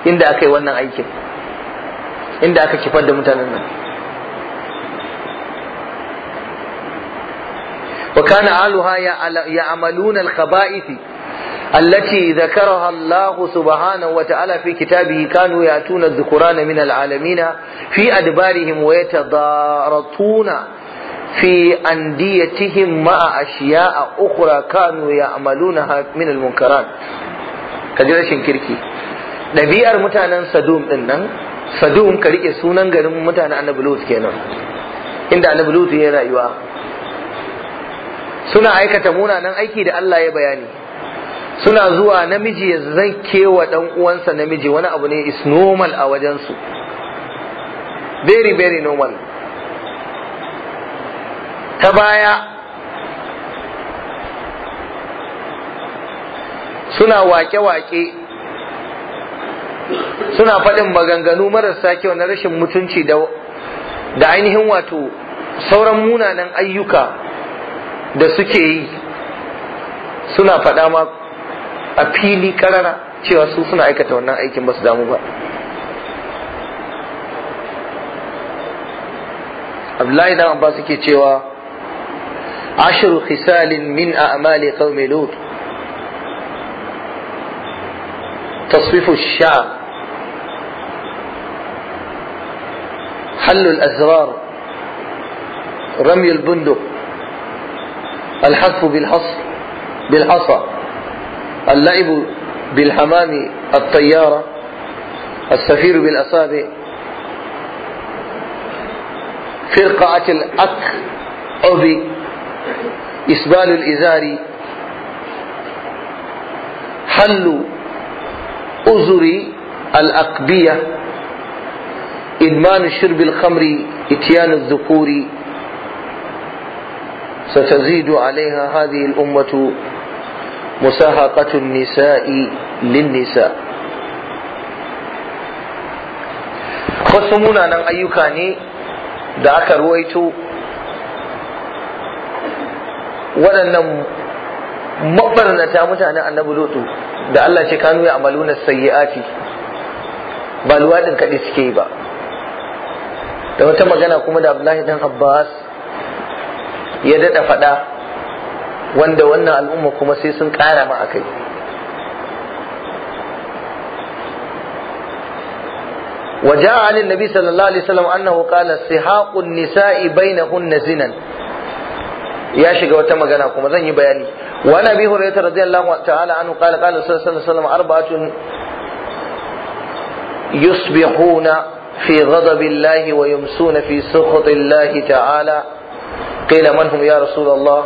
inda aka yi wannan aikin inda aka kifar da mutanen nan وكان أهلها يعملون الخبائث التي ذكرها الله سبحانه وتعالى في كتابه كانوا يأتون الذكران من العالمين في أدبارهم ويتضارطون fi andiyatihim ashiya a ukura kanu ya'malunaha min al-munkarat kaji rashin kirki ɗabi'ar mutanen sadum ɗin nan sadum ka rike sunan garin mutane annabi lut kenan inda annabi lut ya rayuwa suna aikata munanan aiki da Allah ya bayani suna zuwa namiji ya zake kewa ɗan uwansa namiji wani abu ne is normal a wajensu very very normal ta baya suna wake-wake suna faɗin maganganu marasa kyau na rashin mutunci da ainihin wato sauran munanan ayyuka da suke yi suna faɗa ma a fili karara cewa su suna aikata wannan aikin ba su damu ba abdullahi dan abbas suke cewa عشر خسال من أعمال قوم لوط تصفيف الشعر حل الأزرار رمي البندق الحذف بالحصى اللعب بالحمام الطيارة السفير بالأصابع فرقعة الأكل إسبال الإزار حل أزر الأقبية إدمان شرب الخمر إتيان الذكور ستزيد عليها هذه الأمة مساهقة النساء للنساء wasu munanan ayyuka ne da waɗannan mabarnata mutanen annabi lutu da Allah ce kanu ya amaluna sayyi'ati ba luwaɗin kaɗi suke yi ba da wata magana kuma da Abdullahi dan Abbas ya daɗa faɗa wanda wannan al'umma kuma sai sun ƙara ma akai وجاء عن النبي صلى الله عليه وسلم أنه قال سحاق النساء بينهن زنا ya shiga wata magana kuma zan yi bayani wa nabi hurairah radiyallahu ta'ala anhu qala qala sallallahu alaihi wasallam arba'atun yusbihuna fi ghadabillahi wa yumsuna fi sukhatillahi ta'ala qila man hum ya rasulullah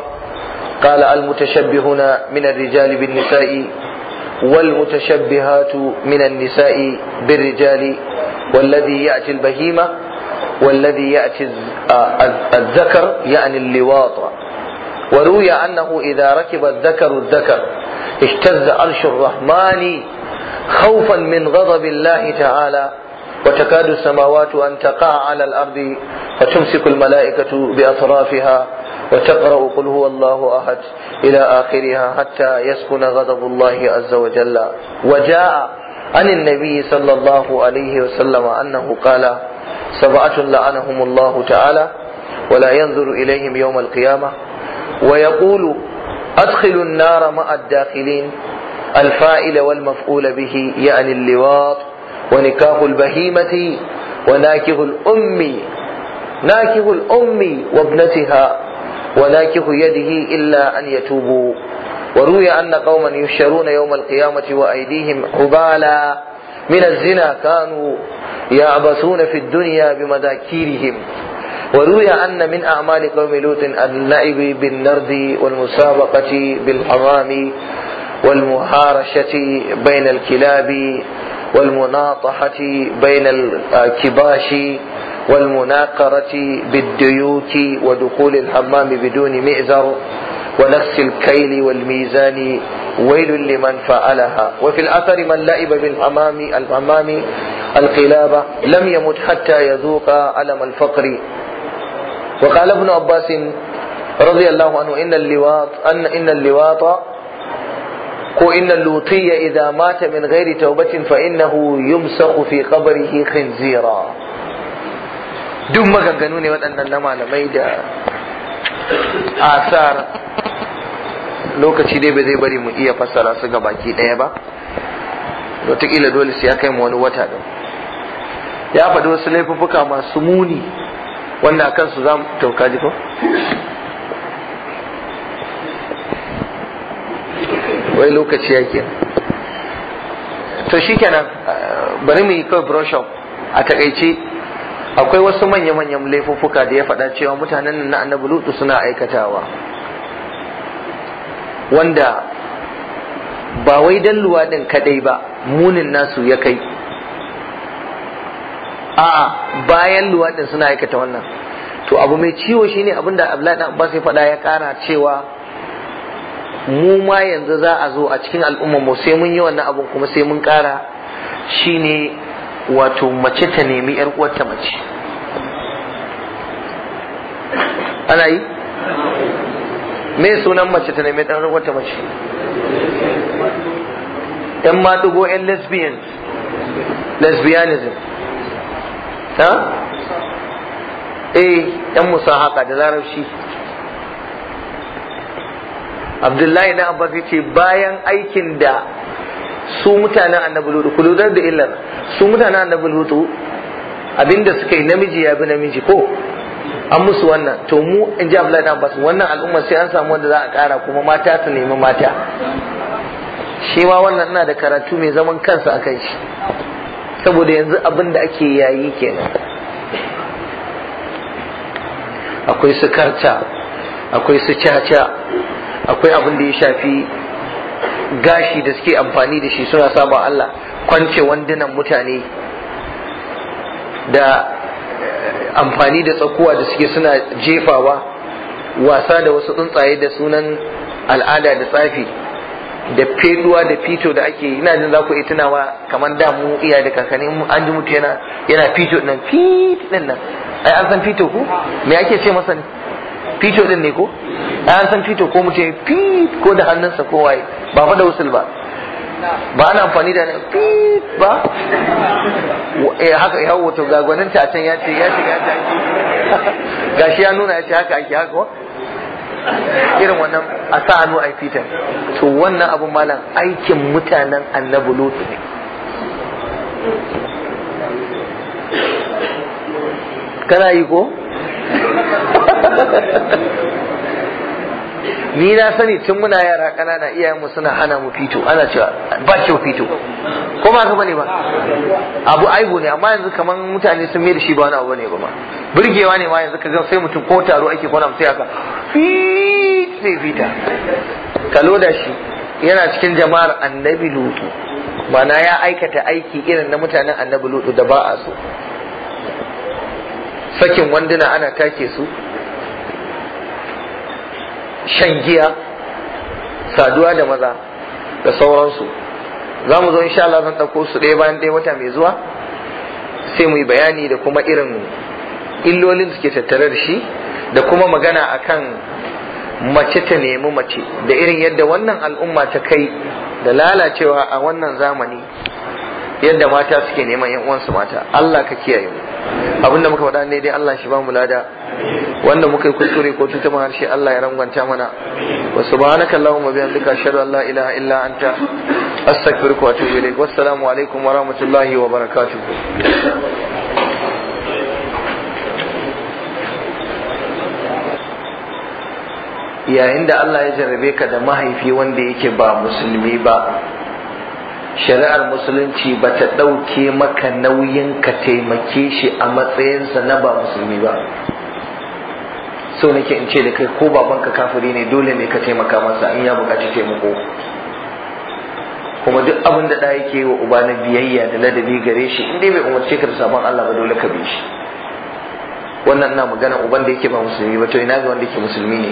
qala almutashabbihuna min ar-rijali bin-nisa'i والمتشبهات من النساء بالرجال والذي يأتي البهيمة والذي يأتي الذكر يعني اللواط وروي أنه إذا ركب الذكر الذكر اهتز عرش الرحمن خوفا من غضب الله تعالى وتكاد السماوات أن تقع على الأرض فتمسك الملائكة بأطرافها وتقرأ قل هو الله أحد إلى آخرها حتى يسكن غضب الله عز وجل وجاء عن النبي صلى الله عليه وسلم أنه قال سبعة لعنهم الله تعالى ولا ينظر إليهم يوم القيامة ويقول أدخلوا النار مع الداخلين الفاعل والمفعول به يعني اللواط ونكاح البهيمة وناكه الأم ناكه الأم وابنتها وناكه يده إلا أن يتوبوا وروي أن قوما يشرون يوم القيامة وأيديهم عبالا من الزنا كانوا يعبثون في الدنيا بمذاكيرهم وروي أن من أعمال قوم لوط اللعب بالنرد والمسابقة بالحمام والمهارشة بين الكلاب والمناطحة بين الكباش والمناقرة بالديوك ودخول الحمام بدون مئزر ونفس الكيل والميزان ويل لمن فعلها وفي الأثر من لعب بالحمام الحمام القلابة لم يمت حتى يذوق ألم الفقر وقال ابن عباس رضي الله عنه إن اللواط أن إن اللواط ko inna lutiya idza mata min ghairi taubatin fa innahu yumsaku fi qabrihi khinzira duk maganganu ne waɗannan na malamai da asar lokaci dai bai zai bari mu iya fassara su ga baki ɗaya ba wataƙila dole sai ya kai mu wani wata ɗin ya faɗi wasu laifuffuka masu muni wanda a kansu za mu tauka ji ko wai lokaci yake to shi kenan bari mu yi kawai brush a takaice akwai wasu manya-manyan laifuffuka da ya faɗa cewa mutanen na annabi lutu suna aikatawa wanda ba wai dan luwaɗin kaɗai ba munin nasu ya kai a'a bayan luwaɗin suna aikata wannan to abu mai ciwo shine abinda Abdullahi dan Abbas ya faɗa ya ƙara cewa mu ma yanzu za a zo a cikin al'umma mu sai mun yi wannan abun kuma sai mun ƙara shine wato mace ta nemi yar uwarta mace ana yi me sunan mace ta nemi yar uwarta mace yan matugo yan lesbians lesbianism ta eh yan musahaka da larabci abdullahi na abbas ce bayan aikin da su mutanen annabi lutu ku lura da illar su mutanen annabi lutu abinda suka yi namiji ya bi namiji ko an musu wannan to mu in ji abdullahi abbas wannan al'umma sai an samu wanda za a kara kuma mata su nemi mata shi ma wannan ina da karatu mai zaman kansa a kai shi saboda yanzu abin da ake yayi kenan akwai su karta akwai su caca akwai abin da ya shafi gashi da suke amfani da shi suna saba Allah kwance wandunan mutane da amfani da tsakuwa da suke suna jefawa wasa da wasu tsuntsaye da sunan al'ada da tsafi da feduwa da fito da ake ina jin za ku yi tunawa kamar da mu iya da kakanni an ji mutu yana yana fito din fit din nan ai an san fito ko me ake ce masa fito din ne ko ai an san fito ko mutum fit ko da hannunsa ko waye ba fa da usul ba ba ana amfani da fit ba eh haka ya wato gagwanin ta can ya ce ya ce ya ce <laughs> gashi ya nuna ya ce haka ake haka irin wannan a sa hannu a fita to wannan abun malam aikin mutanen annabi lutu ne kana yi ko <laughs> ni na sani tun muna yara kanana iyayenmu suna hana mu fito ana cewa ba kyau fito ko ba ka bane ba abu aibu ne amma yanzu kaman mutane sun mai da shi ba wani abu bane ba ma burgewa ne ma yanzu ka ga sai mutum ko taro ake kwana haka fi sai fita kalo da shi yana cikin jama'ar annabi lutu mana ya aikata aiki irin na mutanen annabi lutu da ba a so sakin wanduna ana take su shan giya saduwa da maza da sauransu za mu zo insha Allah zan ɗauko su ɗaya bayan ɗaya wata mai zuwa sai mu yi bayani da kuma irin illolin suke tattare da shi da kuma magana akan mace ta nemi mace da irin yadda wannan al'umma ta kai da lalacewa a wannan zamani yadda mata suke neman yan uwansu mata Allah ka kiyaye mu abinda muka faɗa ne dai Allah shi ba mu lada wanda muka yi kuskure ko mu harshe Allah ya rangwanta mana wa subhanaka allahumma bihamdika ashhadu an la ilaha illa anta astaghfiruka wa atubu Wa wassalamu alaikum wa rahmatullahi wa barakatuh yayin da Allah ya jarrabe ka da mahaifi wanda yake ba musulmi ba shari'ar musulunci ba ta ɗauke maka nauyin ka taimake shi a matsayinsa na ba musulmi ba so nake in ce da kai ko babanka kafiri ne dole ne ka taimaka masa in ya bukaci taimako kuma duk abin da ɗaya ke wa uba na biyayya da ladabi gare shi in dai bai umarce ka da sabon Allah ba dole ka bi shi wannan ina magana uban da yake ba musulmi ba to ina ga wanda yake musulmi ne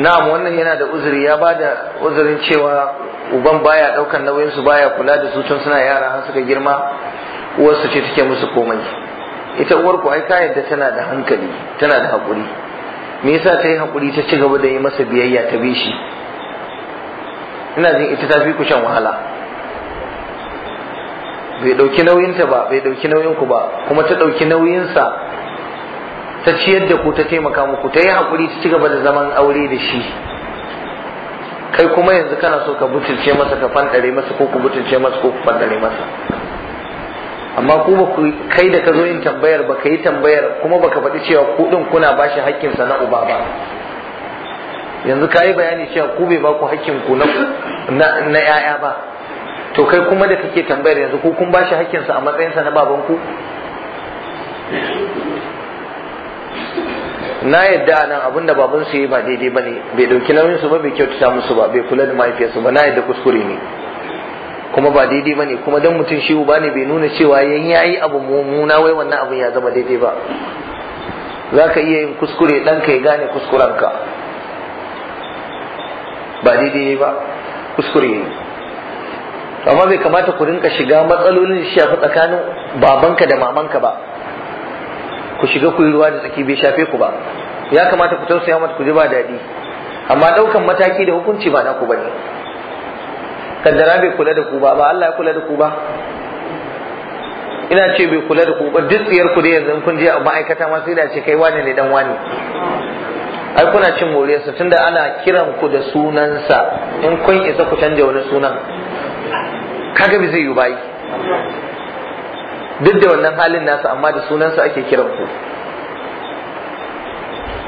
na'am wannan yana da uzuri ya ba da uzurin cewa uban baya daukan nauyin su baya kula da su tun suna yara har suka girma uwarsu ce take musu komai ita uwar ku ai ta yadda tana da hankali tana da hakuri me yasa ta yi hakuri ta ci gaba da yi masa biyayya ta bi shi ina jin ita ta fi ku shan wahala bai dauki ta ba bai dauki nauyin ku ba kuma ta dauki sa. ta ciyar da ku ta taimaka muku ta yi haƙuri ta ci gaba da zaman aure da shi kai kuma yanzu kana so ka butulce masa ka fantare masa ko ku butulce masa ko ku fantare masa amma ku ba ku kai da ka zo yin tambayar ba ka yi tambayar kuma ba ka faɗi cewa ku ɗin kuna ba shi haƙƙinsa na uba ba yanzu ka yi bayani cewa ku bai ba ku haƙƙinku na 'ya'ya ba to kai kuma da kake tambayar yanzu ku kun ba shi haƙƙinsa a matsayinsa na babanku na yadda a nan abinda baban su yi ba daidai ba ne bai dauki nauyin su ba bai kyautata musu ba bai kula da mahaifiyarsu ba na yadda kuskure ne kuma ba daidai ba ne kuma dan mutum shi uba ne bai nuna cewa yan yayi abu mummuna wai wannan abin ya zama daidai ba za ka iya yin kuskure ɗanka ya gane kuskurenka ba daidai ba kuskure ne amma bai kamata ku rinka shiga matsalolin shafi tsakanin babanka da mamanka ba ku shiga ku yi ruwa da tsaki bai shafe ku ba ya kamata ku tausaya mata ku ji ba daɗi amma ɗaukan mataki da hukunci ba ku bane kaddara bai kula da ku ba ba Allah ya kula da ku ba ina ce bai kula da ku ba duk tsiyar ku da yanzu kun je a ma'aikata ma sai da ce kai wani ne dan wani ai kuna cin moriyarsa tunda ana kiran ku da sunansa in kun isa ku canja wani sunan kaga bai zai yi bayi duk da wannan halin nasu amma da sunansu ake kiran ku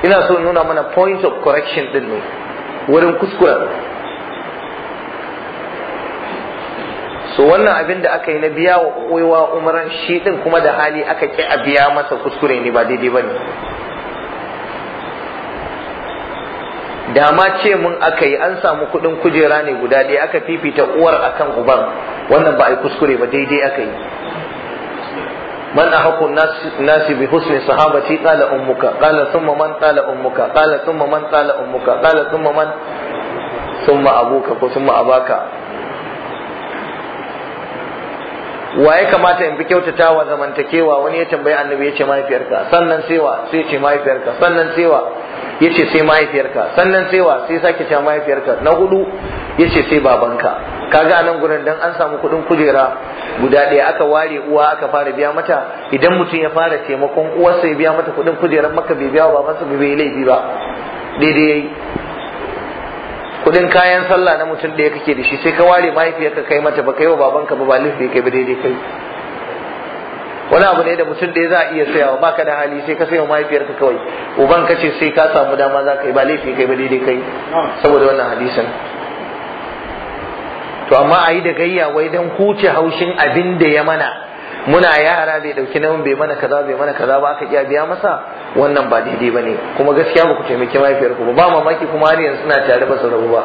ina so nuna mana point of correction din ne wurin kuskura so wannan abin da aka yi na biya wa kowa umaran shi din kuma da hali aka ki a biya masa kuskure ne ba daidai ba ne dama ce mun aka yi an samu kudin kujera ne guda ɗaya aka fifita uwar akan uban wannan ba a yi kuskure ba daidai aka yi من أحق الناس الناس بحسن صحابتي قال أمك قال ثم من قال أمك قال ثم من قال أمك قال ثم من ثم أبوك ثم أباك wa ya kamata in bi kyautata wa zamantakewa wani ya tambayi annabi ya ce mahaifiyarka sannan sewa sai ce mahaifiyarka sannan sewa ya ce sai mahaifiyarka sannan sewa sai sake ce mahaifiyarka na hudu ya ce sai babanka kaga a nan gurin dan an samu kudin kujera guda ɗaya aka ware uwa aka fara biya mata idan mutum ya fara taimakon uwarsa ya biya mata kudin kujerar maka bai biya babansa bai laifi ba daidai yayi kudin kayan sallah na mutum ɗaya kake da shi sai ka ware mahaifiyarka kai mata ba kai wa babanka ba ba lissi kai ba daidai kai wani abu ne da mutum ɗaya za a iya sayawa baka da hali sai ka mahaifiyar mahaifiyarka kawai uban ka ce sai ka samu dama za ka yi ba laifi kai ba daidai kai saboda wannan hadisin to amma a yi da gayya wai don huce haushin abin da ya mana muna yara bai dauki nauyin bai mana kaza bai mana kaza ba aka iya biya masa wannan ba daidai bane kuma gaskiya ba ku taimaki mahaifiyar ku ba mamaki kuma har yanzu suna tare ba su rabu ba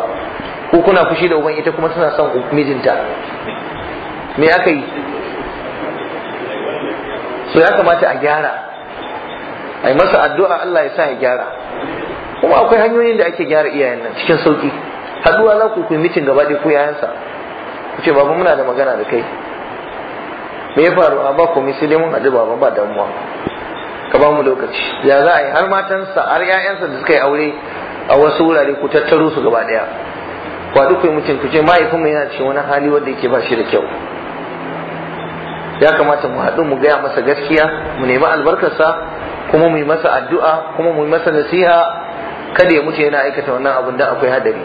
ku kuna fushi da uban ita kuma suna son mijinta me aka yi so ya kamata a gyara a yi masa addu'a Allah ya sa ya gyara kuma akwai hanyoyin da ake gyara iyayen nan cikin sauki haduwa za ku yi mitin gaba ɗaya ko yayansa ku ce babu muna da magana da kai me ya faru a ba komai sai dai mun haɗu ba damuwa ka ba mu lokaci ya za a yi har matansa har 'ya'yansa da suka yi aure a wasu wurare ku tattaro su gaba ɗaya ku haɗu mutum ku ce mahaifinmu yana cikin wani hali wanda yake ba shi da kyau ya kamata mu haɗu mu gaya masa gaskiya mu nemi albarkarsa kuma mu yi masa addu'a kuma mu yi masa nasiha kada ya mutu yana aikata wannan abun da akwai hadari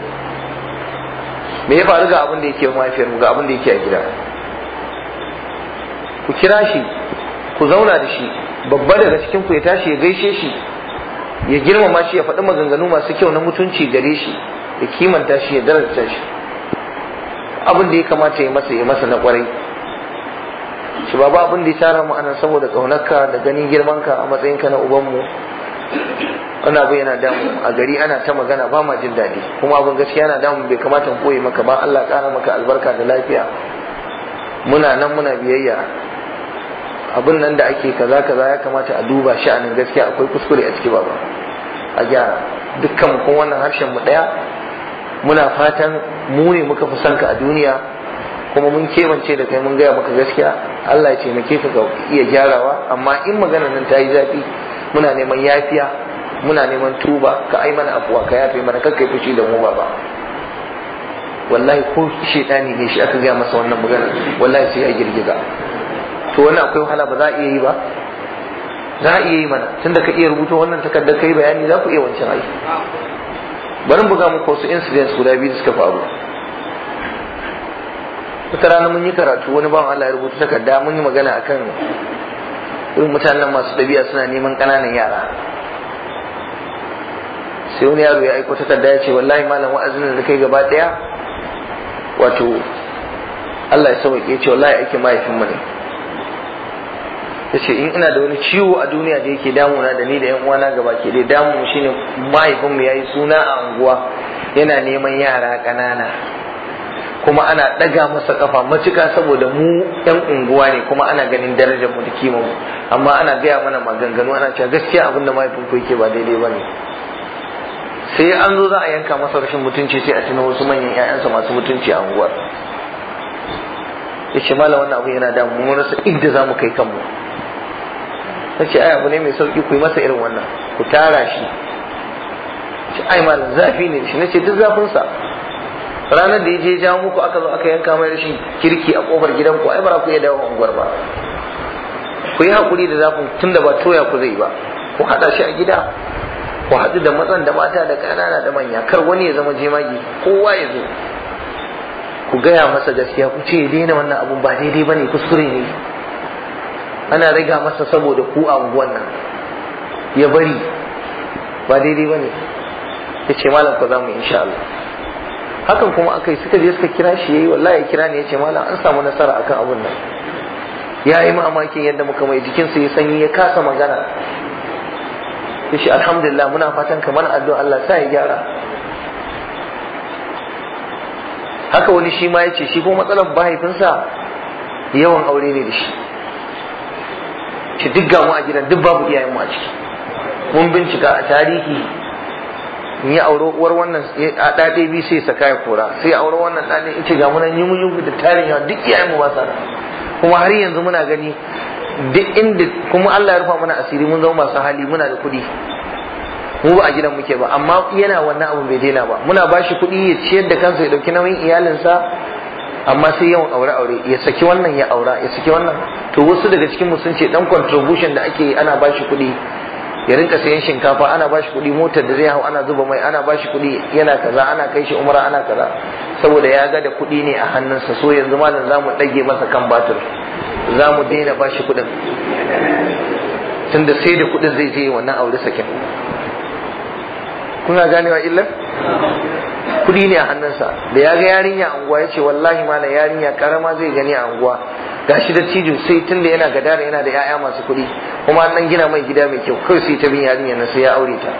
me ya faru ga abin da yake mahaifiyarmu ga abin da yake a gida ku kira shi ku zauna da shi babba daga cikin ku ya tashi ya gaishe shi ya girmama shi ya faɗi maganganu masu kyau na mutunci gare shi ya kimanta shi ya daraja shi abin da ya kamata ya masa ya masa na kwarai shi ba ba abin da ya tara mu anan saboda kaunarka da ganin girmanka a matsayinka na ubanmu ana abu yana damu a gari ana ta magana ba ma jin daɗi kuma abin gaskiya yana damu bai kamata mu koyi maka ba Allah ƙara maka albarka da lafiya muna nan muna biyayya abin nan da ake kaza kaza ya kamata a duba sha'anin gaskiya akwai kuskure a ciki baba a gyara dukkan kun wannan harshen mu daya muna fatan mu ne muka fi son ka a duniya kuma mun kebance da kai mun gaya maka gaskiya Allah ya ce mu kefa ka iya gyarawa amma in magana nan ta yi zafi muna neman yafiya muna neman tuba ka ai mana afuwa ka yafe mana kakkai fushi da mu baba wallahi ko shedani ne shi aka gaya masa wannan magana wallahi sai ya girgiza to wannan akwai wahala ba za a iya yi ba za a iya yi mana tunda ka iya rubuta wannan takardar kai bayani za ku iya wancan ai bari buga muku wasu incidents guda biyu da suka faru wata rana mun yi karatu wani bawan Allah ya rubuta takarda mun yi magana akan irin mutanen masu ɗabi'a suna neman ƙananan yara sai wani yaro ya aiko takarda ya ce wallahi malam wa'azin da kai gaba ɗaya wato Allah ya sauke ce wallahi aikin mahaifinmu ne yace in ina da wani ciwo a duniya da yake damuna da ni da yan uwana gaba ke dai damu shine mahaifinmu yayi suna a unguwa yana neman yara kanana kuma ana ɗaga masa kafa matuka saboda mu yan unguwa ne kuma ana ganin darajar mu da kima mu amma ana gaya mana maganganu ana cewa gaskiya abin da ku yake ba daidai ba ne sai an zo za a yanka masa rashin mutunci sai a tuna wasu manyan 'ya'yansa masu mutunci a unguwar ya malam wannan abu yana damu mun rasa inda zamu mu kai kanmu Ta ce ai abu ne mai sauki ku yi masa irin wannan ku tara shi ce ai ma zafi ne shi nace duk zafin sa ranar da yaje ja muku aka zo aka yanka mai rashin kirki a kofar gidan ku ai ba ku iya dawo unguwar ba ku yi hakuri da zafin tunda ba toya ku zai ba ku hada shi a gida ku haɗu da matsan da mata da ƙanana da manya kar wani ya zama jemagi kowa ya zo ku gaya masa gaskiya ku ce daina wannan abun ba daidai bane kuskure ne ana riga masa saboda ku a unguwan nan ya bari ba daidai ba ne ya ce malam ku za mu insha Allah hakan kuma aka yi suka je suka kira shi yayi wallahi ya kira ne ya ce malam an samu nasara akan abun nan ya yi mamakin yadda muka mai jikinsa ya sanyi ya kasa magana ya ce alhamdulillah muna fatan kamar addu'a Allah sa ya gyara haka wani shi ma ya ce shi ko matsalar mahaifinsa yawan aure ne da shi shi duk mu a gidan duk babu iyayen mu a ciki mun bincika a tarihi in yi auro uwar wannan a ɗaɗe bi sai saka ya kora sai auro wannan ɗaɗe ita ga munan yi mun da tarin yawa duk iyayen mu ba sa kuma har yanzu muna gani duk inda kuma Allah ya rufa mana asiri mun zama masu hali muna da kuɗi mu ba a gidan muke ba amma yana wannan abu bai daina ba muna ba shi kuɗi ya ciyar da kansa ya ɗauki nauyin iyalinsa amma sai yawan aure aure ya saki wannan ya aura ya saki wannan to wasu daga cikin mu sun ce dan contribution da ake ana bashi kuɗi ya rinka sayan shinkafa ana bashi kuɗi motar da zai hau ana zuba mai ana bashi kuɗi yana kaza ana kai shi umra ana kaza saboda ya ga da kuɗi ne a hannunsa so yanzu malam zamu dage masa kan batir za mu daina bashi kuɗin tunda sai da kuɗin zai je wannan aure sakin kuna ganewa illar kuɗi ne a hannunsa da ya ga yarinya a unguwa ya ce wallahi ma yarinya karama zai gani a unguwa shi da cijo sai tun da yana da yana da 'ya'ya masu kuɗi kuma an gina mai gida mai kyau kawai sai ta bin yarinya na sai ya aure ta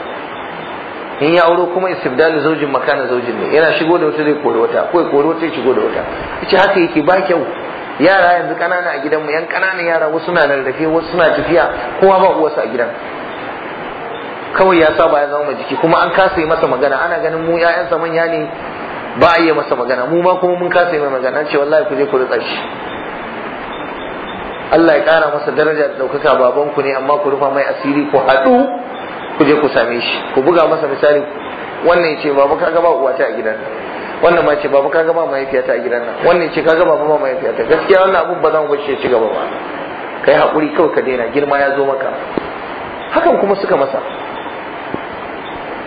in ya auro kuma istibdalu zaujin makana zaujin ne yana shigo da wata zai kori wata ko kori wata ya shigo da wata ce haka yake ba kyau yara yanzu kanana a gidanmu yan kananan yara wasu na rarrafe wasu suna tafiya kowa ba uwarsa a gidan kawai ya saba ya zama jiki kuma an kasa yi masa magana ana ganin mu ƴaƴansa manya ne ba a yi masa magana mu ma kuma mun kasa yi mai magana ce wallahi ku je ku rutsa shi Allah ya ƙara masa daraja da ɗaukaka baban ku ne amma ku rufa mai asiri ku haɗu ku je ku same shi ku buga masa misali wannan ce baba kaga ba ta a gidan wannan ma ce baba kaga ba mahaifiyata a gidan nan wannan ce kaga baba ba mahaifiyata gaskiya wannan abun ba zan bar shi ya ci gaba ba kai haƙuri kawai ka daina girma ya zo maka hakan kuma suka masa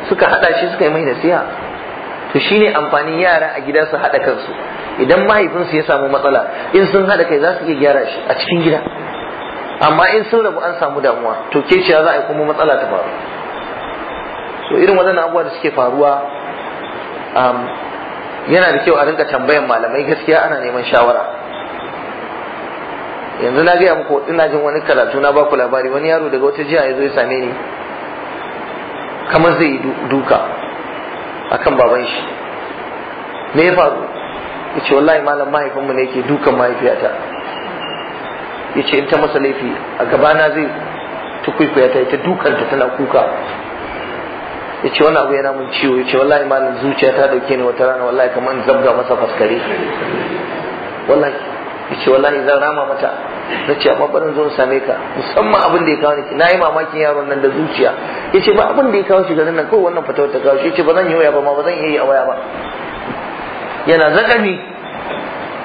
suka hada shi suka yi mai nasiha to shine amfanin yara a gida su hada kansu idan mahaifinsu ya samu matsala in sun hada kai za su iya gyara shi a cikin gida amma in sun rabu an samu damuwa to ke za a yi kuma matsala ta faru so irin waɗannan abubuwa da suke faruwa um, yana da kyau a rinka tambayan malamai gaskiya ana neman shawara yanzu na gaya muku ina jin wani karatu na baku labari wani yaro daga wata jiya ya zo ya same ni kamar zai yi duka akan baban shi me ya faru ya ce wallahi malam mahaifinmu ne yake dukan mahaifiyata ya ce in ta masa laifi a gabana zai ta tukwaikwayata ta dukanta tana kuka ya ce wani abu yana mun ciwo ya ce wallahi malam zuciya ta dauke ni wata rana wallahi kamar zabga masa faskare wallahi yace wallahi zan rama mata na ce amma barin zo same ka musamman abin da ya kawo ni na yi mamakin yaron nan da zuciya yace ba abin da ya kawo shi garin nan kawai wannan fatawar ta kawo shi yace ba zan yi waya ba ma ba zan iya yi a waya ba yana zakami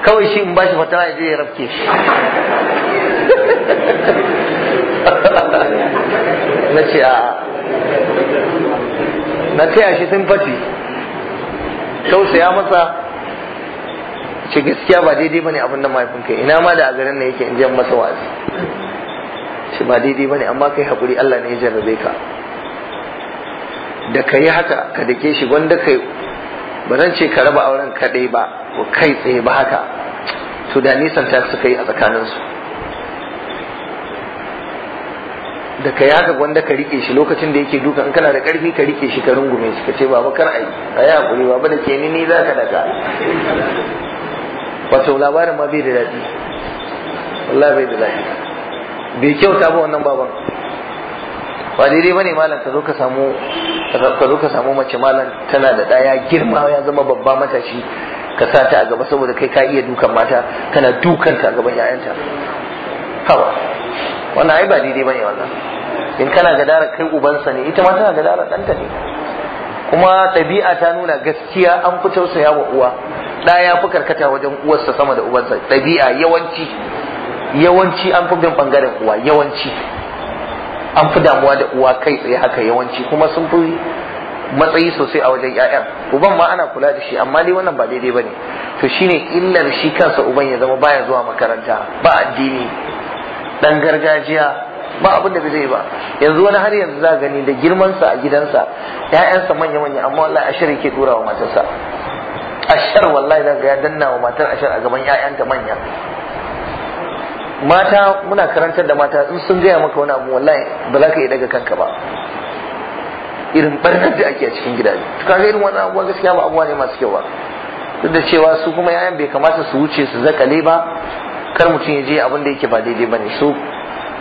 kawai shi in bashi fatawa ya je ya rafke shi <laughs> na ce a na taya shi sun fati tausaya masa ce gaskiya ba daidai bane abin da mahaifinka ina ma da a garin ne yake in jan masa wazi ce ba daidai bane amma kai hakuri Allah ne ya jarrabe ka da ka yi haka ka dake shi gwanda kai ba zan ce ka raba auren kaɗai ba ko kai tsaye ba haka to da nisan ta suka yi a tsakaninsu da ka yi haka gwanda ka rike shi lokacin da yake duka in kana da ƙarfi ka rike shi ka rungume shi ka ce ba kar a yi a yi haƙuri baba da ke ni ni za ka daga wato labarin ma bai da daɗi wallahi bai da daɗi bai kyauta ba wannan baban ba daidai bane malam ka zo ka samu ka zo ka samu mace malam tana da ɗaya girma ya zama babba matashi ka sa ta a gaba saboda kai ka iya dukan mata kana dukan ta a gaban ƴaƴanta hawa wannan ai ba daidai bane wannan in kana gadara kai ubansa ne ita ma tana gadara ɗanta ne kuma ɗabi'a ta nuna gaskiya an fi tausaya wa uwa da ya fi karkata wajen uwarsa sama da ubansa ɗabi'a yawanci yawanci an fi bin bangaren uwa yawanci an fi damuwa da uwa kai tsaye haka yawanci kuma sun fi matsayi sosai a wajen 'ya'yan uban ma ana kula da shi amma dai wannan ba daidai ba ne to shine illar shi kansa uban ya zama baya zuwa makaranta ba addini dan gargajiya ba abin da zai ba yanzu wani har yanzu za gani da girmansa a gidansa 'ya'yansa manya-manya amma wallahi ashirin ke turawa matarsa ashar wallahi zaka ya danna wa matar ashar a gaban ta manya mata muna karantar da mata in sun gaya maka wani abu wallahi ba za ka iya daga kanka ba irin barnar da ake a cikin gidaje to kaga irin wannan abuwa gaskiya ba abuwa ne masu kyau ba duk da cewa su kuma yayan bai kamata su wuce su zakale ba kar mutum ya je abin da yake ba daidai ba ne su.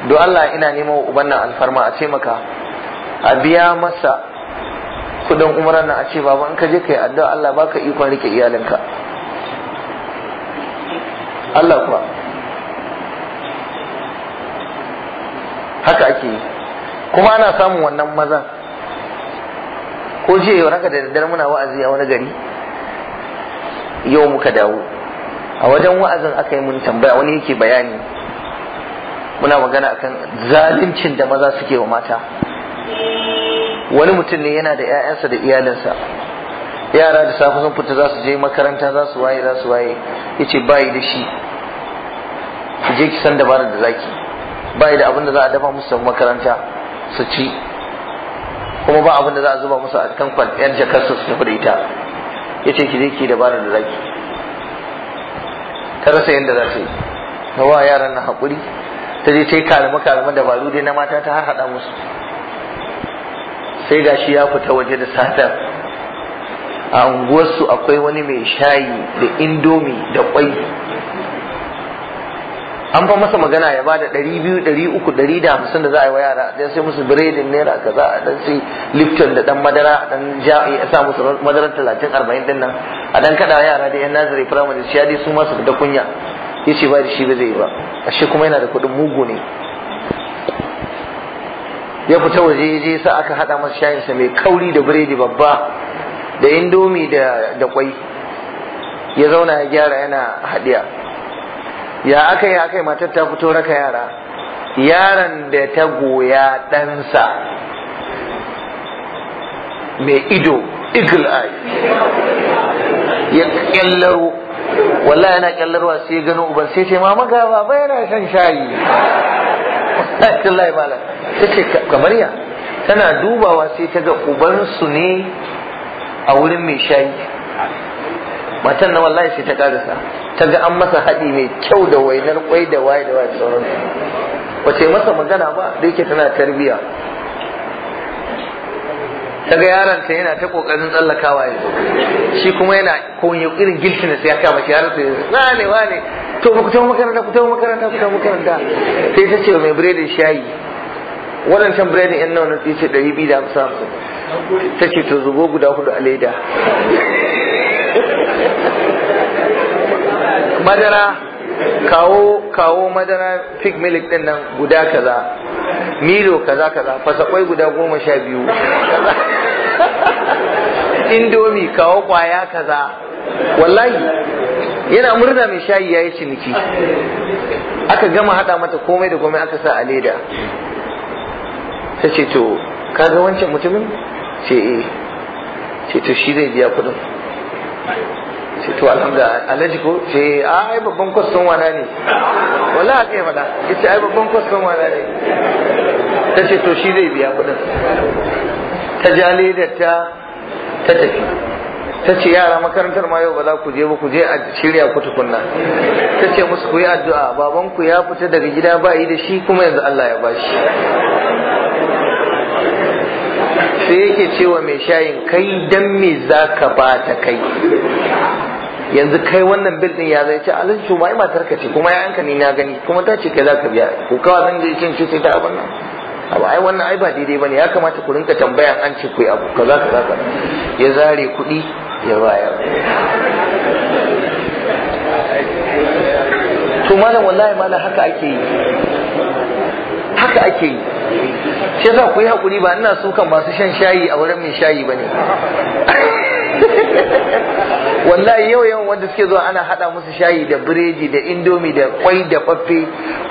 do Allah ina neman uban nan alfarma a maka. a biya masa kudin umran nan a ce baba in ka je ka yi addu'a Allah baka ikon rike iyalinka Allah kuwa haka ake yi kuma ana samun wannan mazan ko jiya yau raka da daddare muna wa'azi a wani gari yau muka dawo a wajen wa'azin aka yi mun tambaya wani yake bayani muna magana akan zaluncin da maza suke wa mata wani mutum ne yana da 'ya'yansa da iyalinsa yara da safe sun fita za su je makaranta za su waye za su waye ya ce bayi da shi ki je ki san dabarar da zaki bayi da abin da za a dafa musu makaranta su ci kuma ba abin da za a zuba musu a kan kwan yan jakar su tafi da ita ya ce ki je ki dabarar da zaki ta rasa yadda za ta yi Na wa yaran na haƙuri ta je ta yi kalama kalama dabaru dai na mata ta har haɗa musu sai shi ya fita waje da satar a unguwarsu akwai wani mai shayi da indomi da kwai an fa masa magana ya bada ɗari biyu ɗari uku ɗari da hamsin da za a yi wa yara dan sai musu biredin naira kaza a dan sai lifton da dan madara a dan ja ya sa musu madarar talatin arba'in din nan a dan kaɗa yara da yan nazari firamare shi ya dai su masu da kunya ya ce ba da shi ba zai yi ba ashe kuma yana da kuɗin mugu ne ya fita waje je sa aka hada masa shayin sa mai kauri da biredi babba da indomi da da kwai ya zauna ya gyara yana hadiya ya aka ya aka matar ta fito raka yara yaron da ta goya ɗansa mai ido eagle eye ya kyallaro wallahi yana kyallarwa sai gano uban sai ce mama ga baba yana shan shayi lallahi malam ta ce kamar ya tana dubawa sai ta ga ubansu ne a wurin mai shayi matan na wallahi sai ta karasa ta ga an masa haɗi mai kyau da wainar kwai da waye da waye sauransu wace masa magana ba da yake tana tarbiyya. kaga yaron ta yana ta kokarin tsallakawa ya zo shi kuma yana ko irin gilkin sai ya kama shi yaron sai na ne wa ne to ku tafi makaranta ku tafi makaranta ku tafi makaranta sai ta ce mai biredin shayi waɗancan biredin yan nawa sai ce ɗari biyu da hamsin ta ce to zubo guda hudu a leda <laughs> madara kawo kawo madara pig milk din nan guda kaza milo kaza kaza fasakwai guda goma sha biyu <laughs> indomi kawo kwaya kaza wallahi yana murna mai shayi yayi ciniki aka gama hada mata komai da komai aka sa a leda ta ce to ka ga wancan mutumin ce eh ce to shi zai biya kudin ce to alhamdulillah alhaji ko ce a ai babban kwaston wana ne wala a kai fada ya ai babban kwaston wana ne ta ce to shi zai biya kudin ta ja ledar ta ta tafi ta ce yara makarantar ma yau ba za ku je ba ku je a shirya ku tukunna ta ce musu ku yi addu'a baban ku ya fita daga gida ba yi da shi kuma yanzu Allah ya bashi sai yake cewa mai shayin kai dan me zaka ka ba ta kai yanzu kai wannan bil ya zai ce alin su mai matar ka ce kuma yayanka ni na gani kuma ta ce kai za ka biya ku kawai zan je cin shi sai ta abin nan abu ai wannan ai ba daidai bane ya kamata ku rinka tambaya an ce ku yi abu kaza kaza kaza ya zare kuɗi ya bayar to malam wallahi malam haka ake yi haka ake yi shi yasa ku yi hakuri ba ina sukan masu shan shayi a wurin mai shayi bane <laughs> wallahi yau yawan wanda suke zuwa ana hada musu shayi da bireji da indomi da kwai da faffe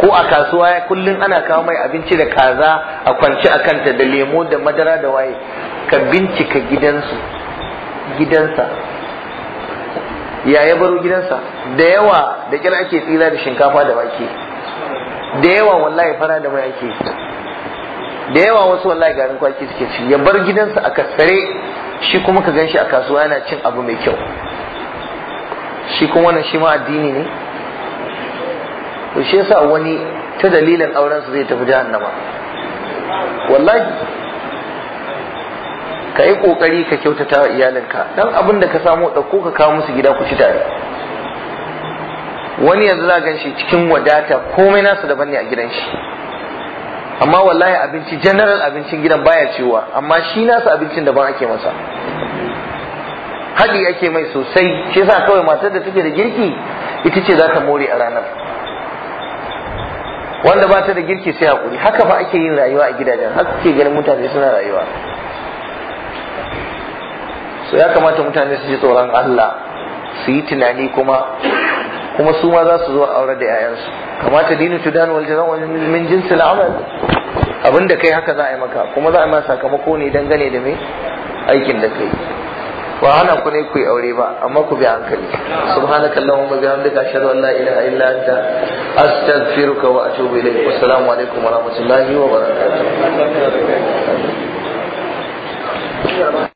ko a kasuwa kullum ana kawo mai abinci da kaza a kwanci a kanta da lemo da madara da waye ka bincika gidansu gidansa ya ya baro gidansa da yawa da kira ake tsira da shinkafa da wake da yawa wallahi fara da mai ake da yawa wasu wallahi garin kwaki suke ci ya bar gidansa a kasare shi kuma ka gan shi a kasuwa yana cin abu mai kyau shi kuma wannan shi ma addini ne to shi yasa wani ta dalilin auren su zai tafi jahannama wallahi ka yi kokari ka kyautata wa iyalinka dan abin da ka samu ɗauko ka kawo musu gida ku ci tare wani yanzu za gan shi cikin wadata komai nasu daban ne a gidan shi amma wallahi abinci general abincin gidan baya ciwa amma shi nasu abincin daban ake masa Hadi ake mai sosai shi yasa kawai matar da take da girki ita ce za ta more a ranar wanda ba ta da girki sai hakuri haka ba ake yin rayuwa a gidajen haka ke ganin mutane suna rayuwa so ya kamata mutane su ji tsoron Allah su yi tunani kuma kuma su ma za su zo aure da 'ya'yansu kamata dinu tudan wal jazan min al amal abinda kai haka za a yi maka kuma za a yi ma sakamako ne dangane da me aikin da kai ba hana ku ne ku yi aure ba amma ku bi hankali subhanaka allahumma bihamdika ashhadu an la ilaha illa anta astaghfiruka wa atubu ilayk assalamu alaikum wa rahmatullahi wa barakatuh